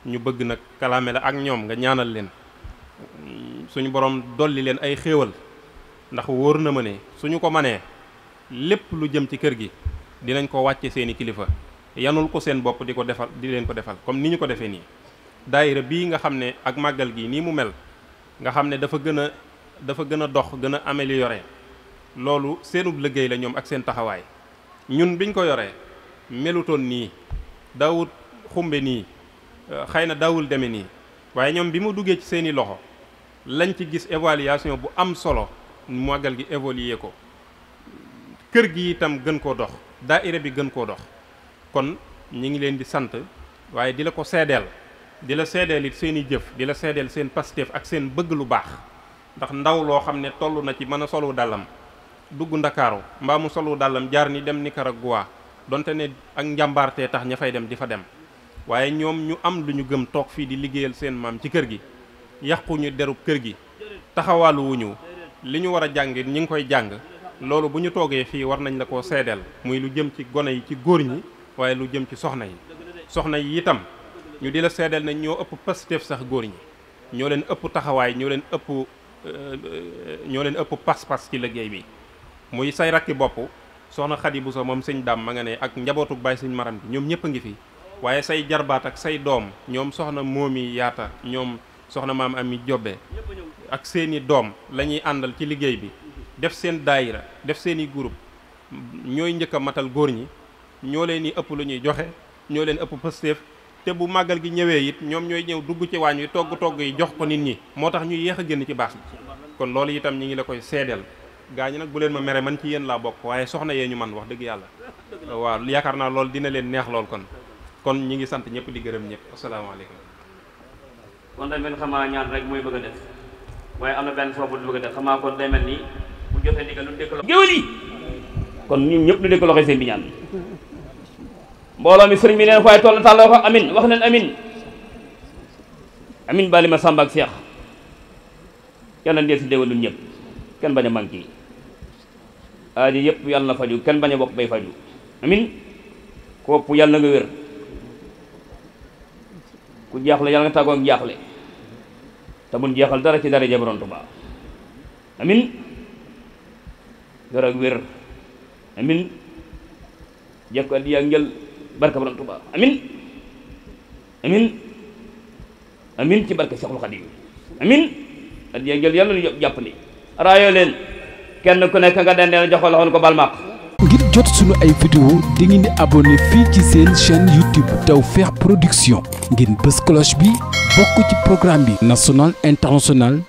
ñu bëgg nag kalaame la ak ñoom nga ñaanal leen suñu borom dolli leen ay xéewal ndax wóor na ma ne suñu ko manee lépp lu jëm ci kër gi dinañ ko wàcce seeni kilifa yanul ko seen bopp di ko defal di leen ko defal comme ni ñu ko defee nii daayira bii nga xam ne ak màggal gi nii mu mel nga xam ne dafa gën a dafa gën a dox gën a amélioré loolu seenub liggéey la ñoom ak seen taxawaay ñun biñ ko yore melutoon nii daawut xumbe nii euh, xëy na daawul deme nii waaye ñoom bi mu duggee ci seeni loxo lañ ci gis évaluation bu am solo màggal gi évoluer ko kër gi itam gën koo dox daa daaira bi gën koo dox kon ñu ngi leen di sant waaye di la ko seedeel di la seedeel it seeni jëf di la seedeel seen pasteef ak seen bëgg lu baax ndax ndaw loo xam ne toll na ci mën a solu dàllam dugg ndakaaru mbaamu mu solu dàllam jaar ni dem Nicaragua donte ne ak njàmbaartee tax ña fay dem di fa dem waaye ñoom ñu am lu ñu gëm toog fii di liggéeyal seen maam ci kër gi yàquñu derub kër gi taxawaalu li ñu war a jàng ñi ngi koy jàng loolu bu ñu toogee fii war nañ la koo seedeel muy lu jëm ci gone yi ci góor ñi waaye lu jëm ci soxna yi soxna yi itam ñu di la seedeel nañ ñoo ëpp pasteef sax góor ñi ñoo leen ëpp taxawaay ñoo leen ëpp euh, ñoo leen ëpp pas-pas ci liggéey bi muy say rakki bopp soxna bu Buso moom sëñ dàmm ma nga ne ak njabootuk baay sëñ maram bi ñoom ñëpp a ngi fi waaye say jarbaat ak say doom ñoom soxna moomi yaata ñoom soxna maam am ami jobbe ak seeni doom la ñuy àndal ci liggéey bi def seen daayira def seeni groupe ñooy njëkk a matal góor ñi ñoo leen di ëpp lu ñuy joxe ñoo leen ëpp pësteef te bu màggal gi ñëwee it ñoom ñooy ñëw dugg ci waañ wi togg togg yi jox ko nit ñi moo tax ñu yéex a génn ci baax bi kon loolu itam ñi ngi la koy seedeel gaa ñi nag bu leen ma mere man ci yéen laa bokk waaye soxna yee ñu man wax dëgg yàlla waaw yaakaar naa loolu dina leen neex lool kon kon ñi ngi sant ñëpp di gërëm ñëpp asalaamaaleykum kon day mel xamaa ñaan rek mooy bëgg a am na benn foofu du bëgg a def xamaa kon day ni bu jotee ndigal lu dëkk loxo géwël yi kon ñun ñëpp lu seen bi ñaan mbooloo mi sëriñ bi neen fooy toll tàlloo ko amin wax leen amin amin bali ma sàmba ak seex yàlla ndee si déwénul ñëpp kenn bañ a manqué yi aaji yëpp yàlla na faju kenn bañ a bopp bay faju amin ku wopp yàlla na nga wér ku jaaxle yàlla nga tàggoo jaaxle te mun dara ci dara jabaroon Tuubaa amin wér ak wér amin jekk addi ak njël barka borom Tuuba amin amin amin ci barka Seexul Xadiim amin at yéegéel yàlla nu jàppandi raayoo leen kenn ku nekk nga dendeen joxoo loxoon ko bal ngir jot suñu ay vidéo di ngeen di abonné fii ci seen chaîne YouTube Tawfekh Production ngeen bës cloche bi bokk ci programme bi national international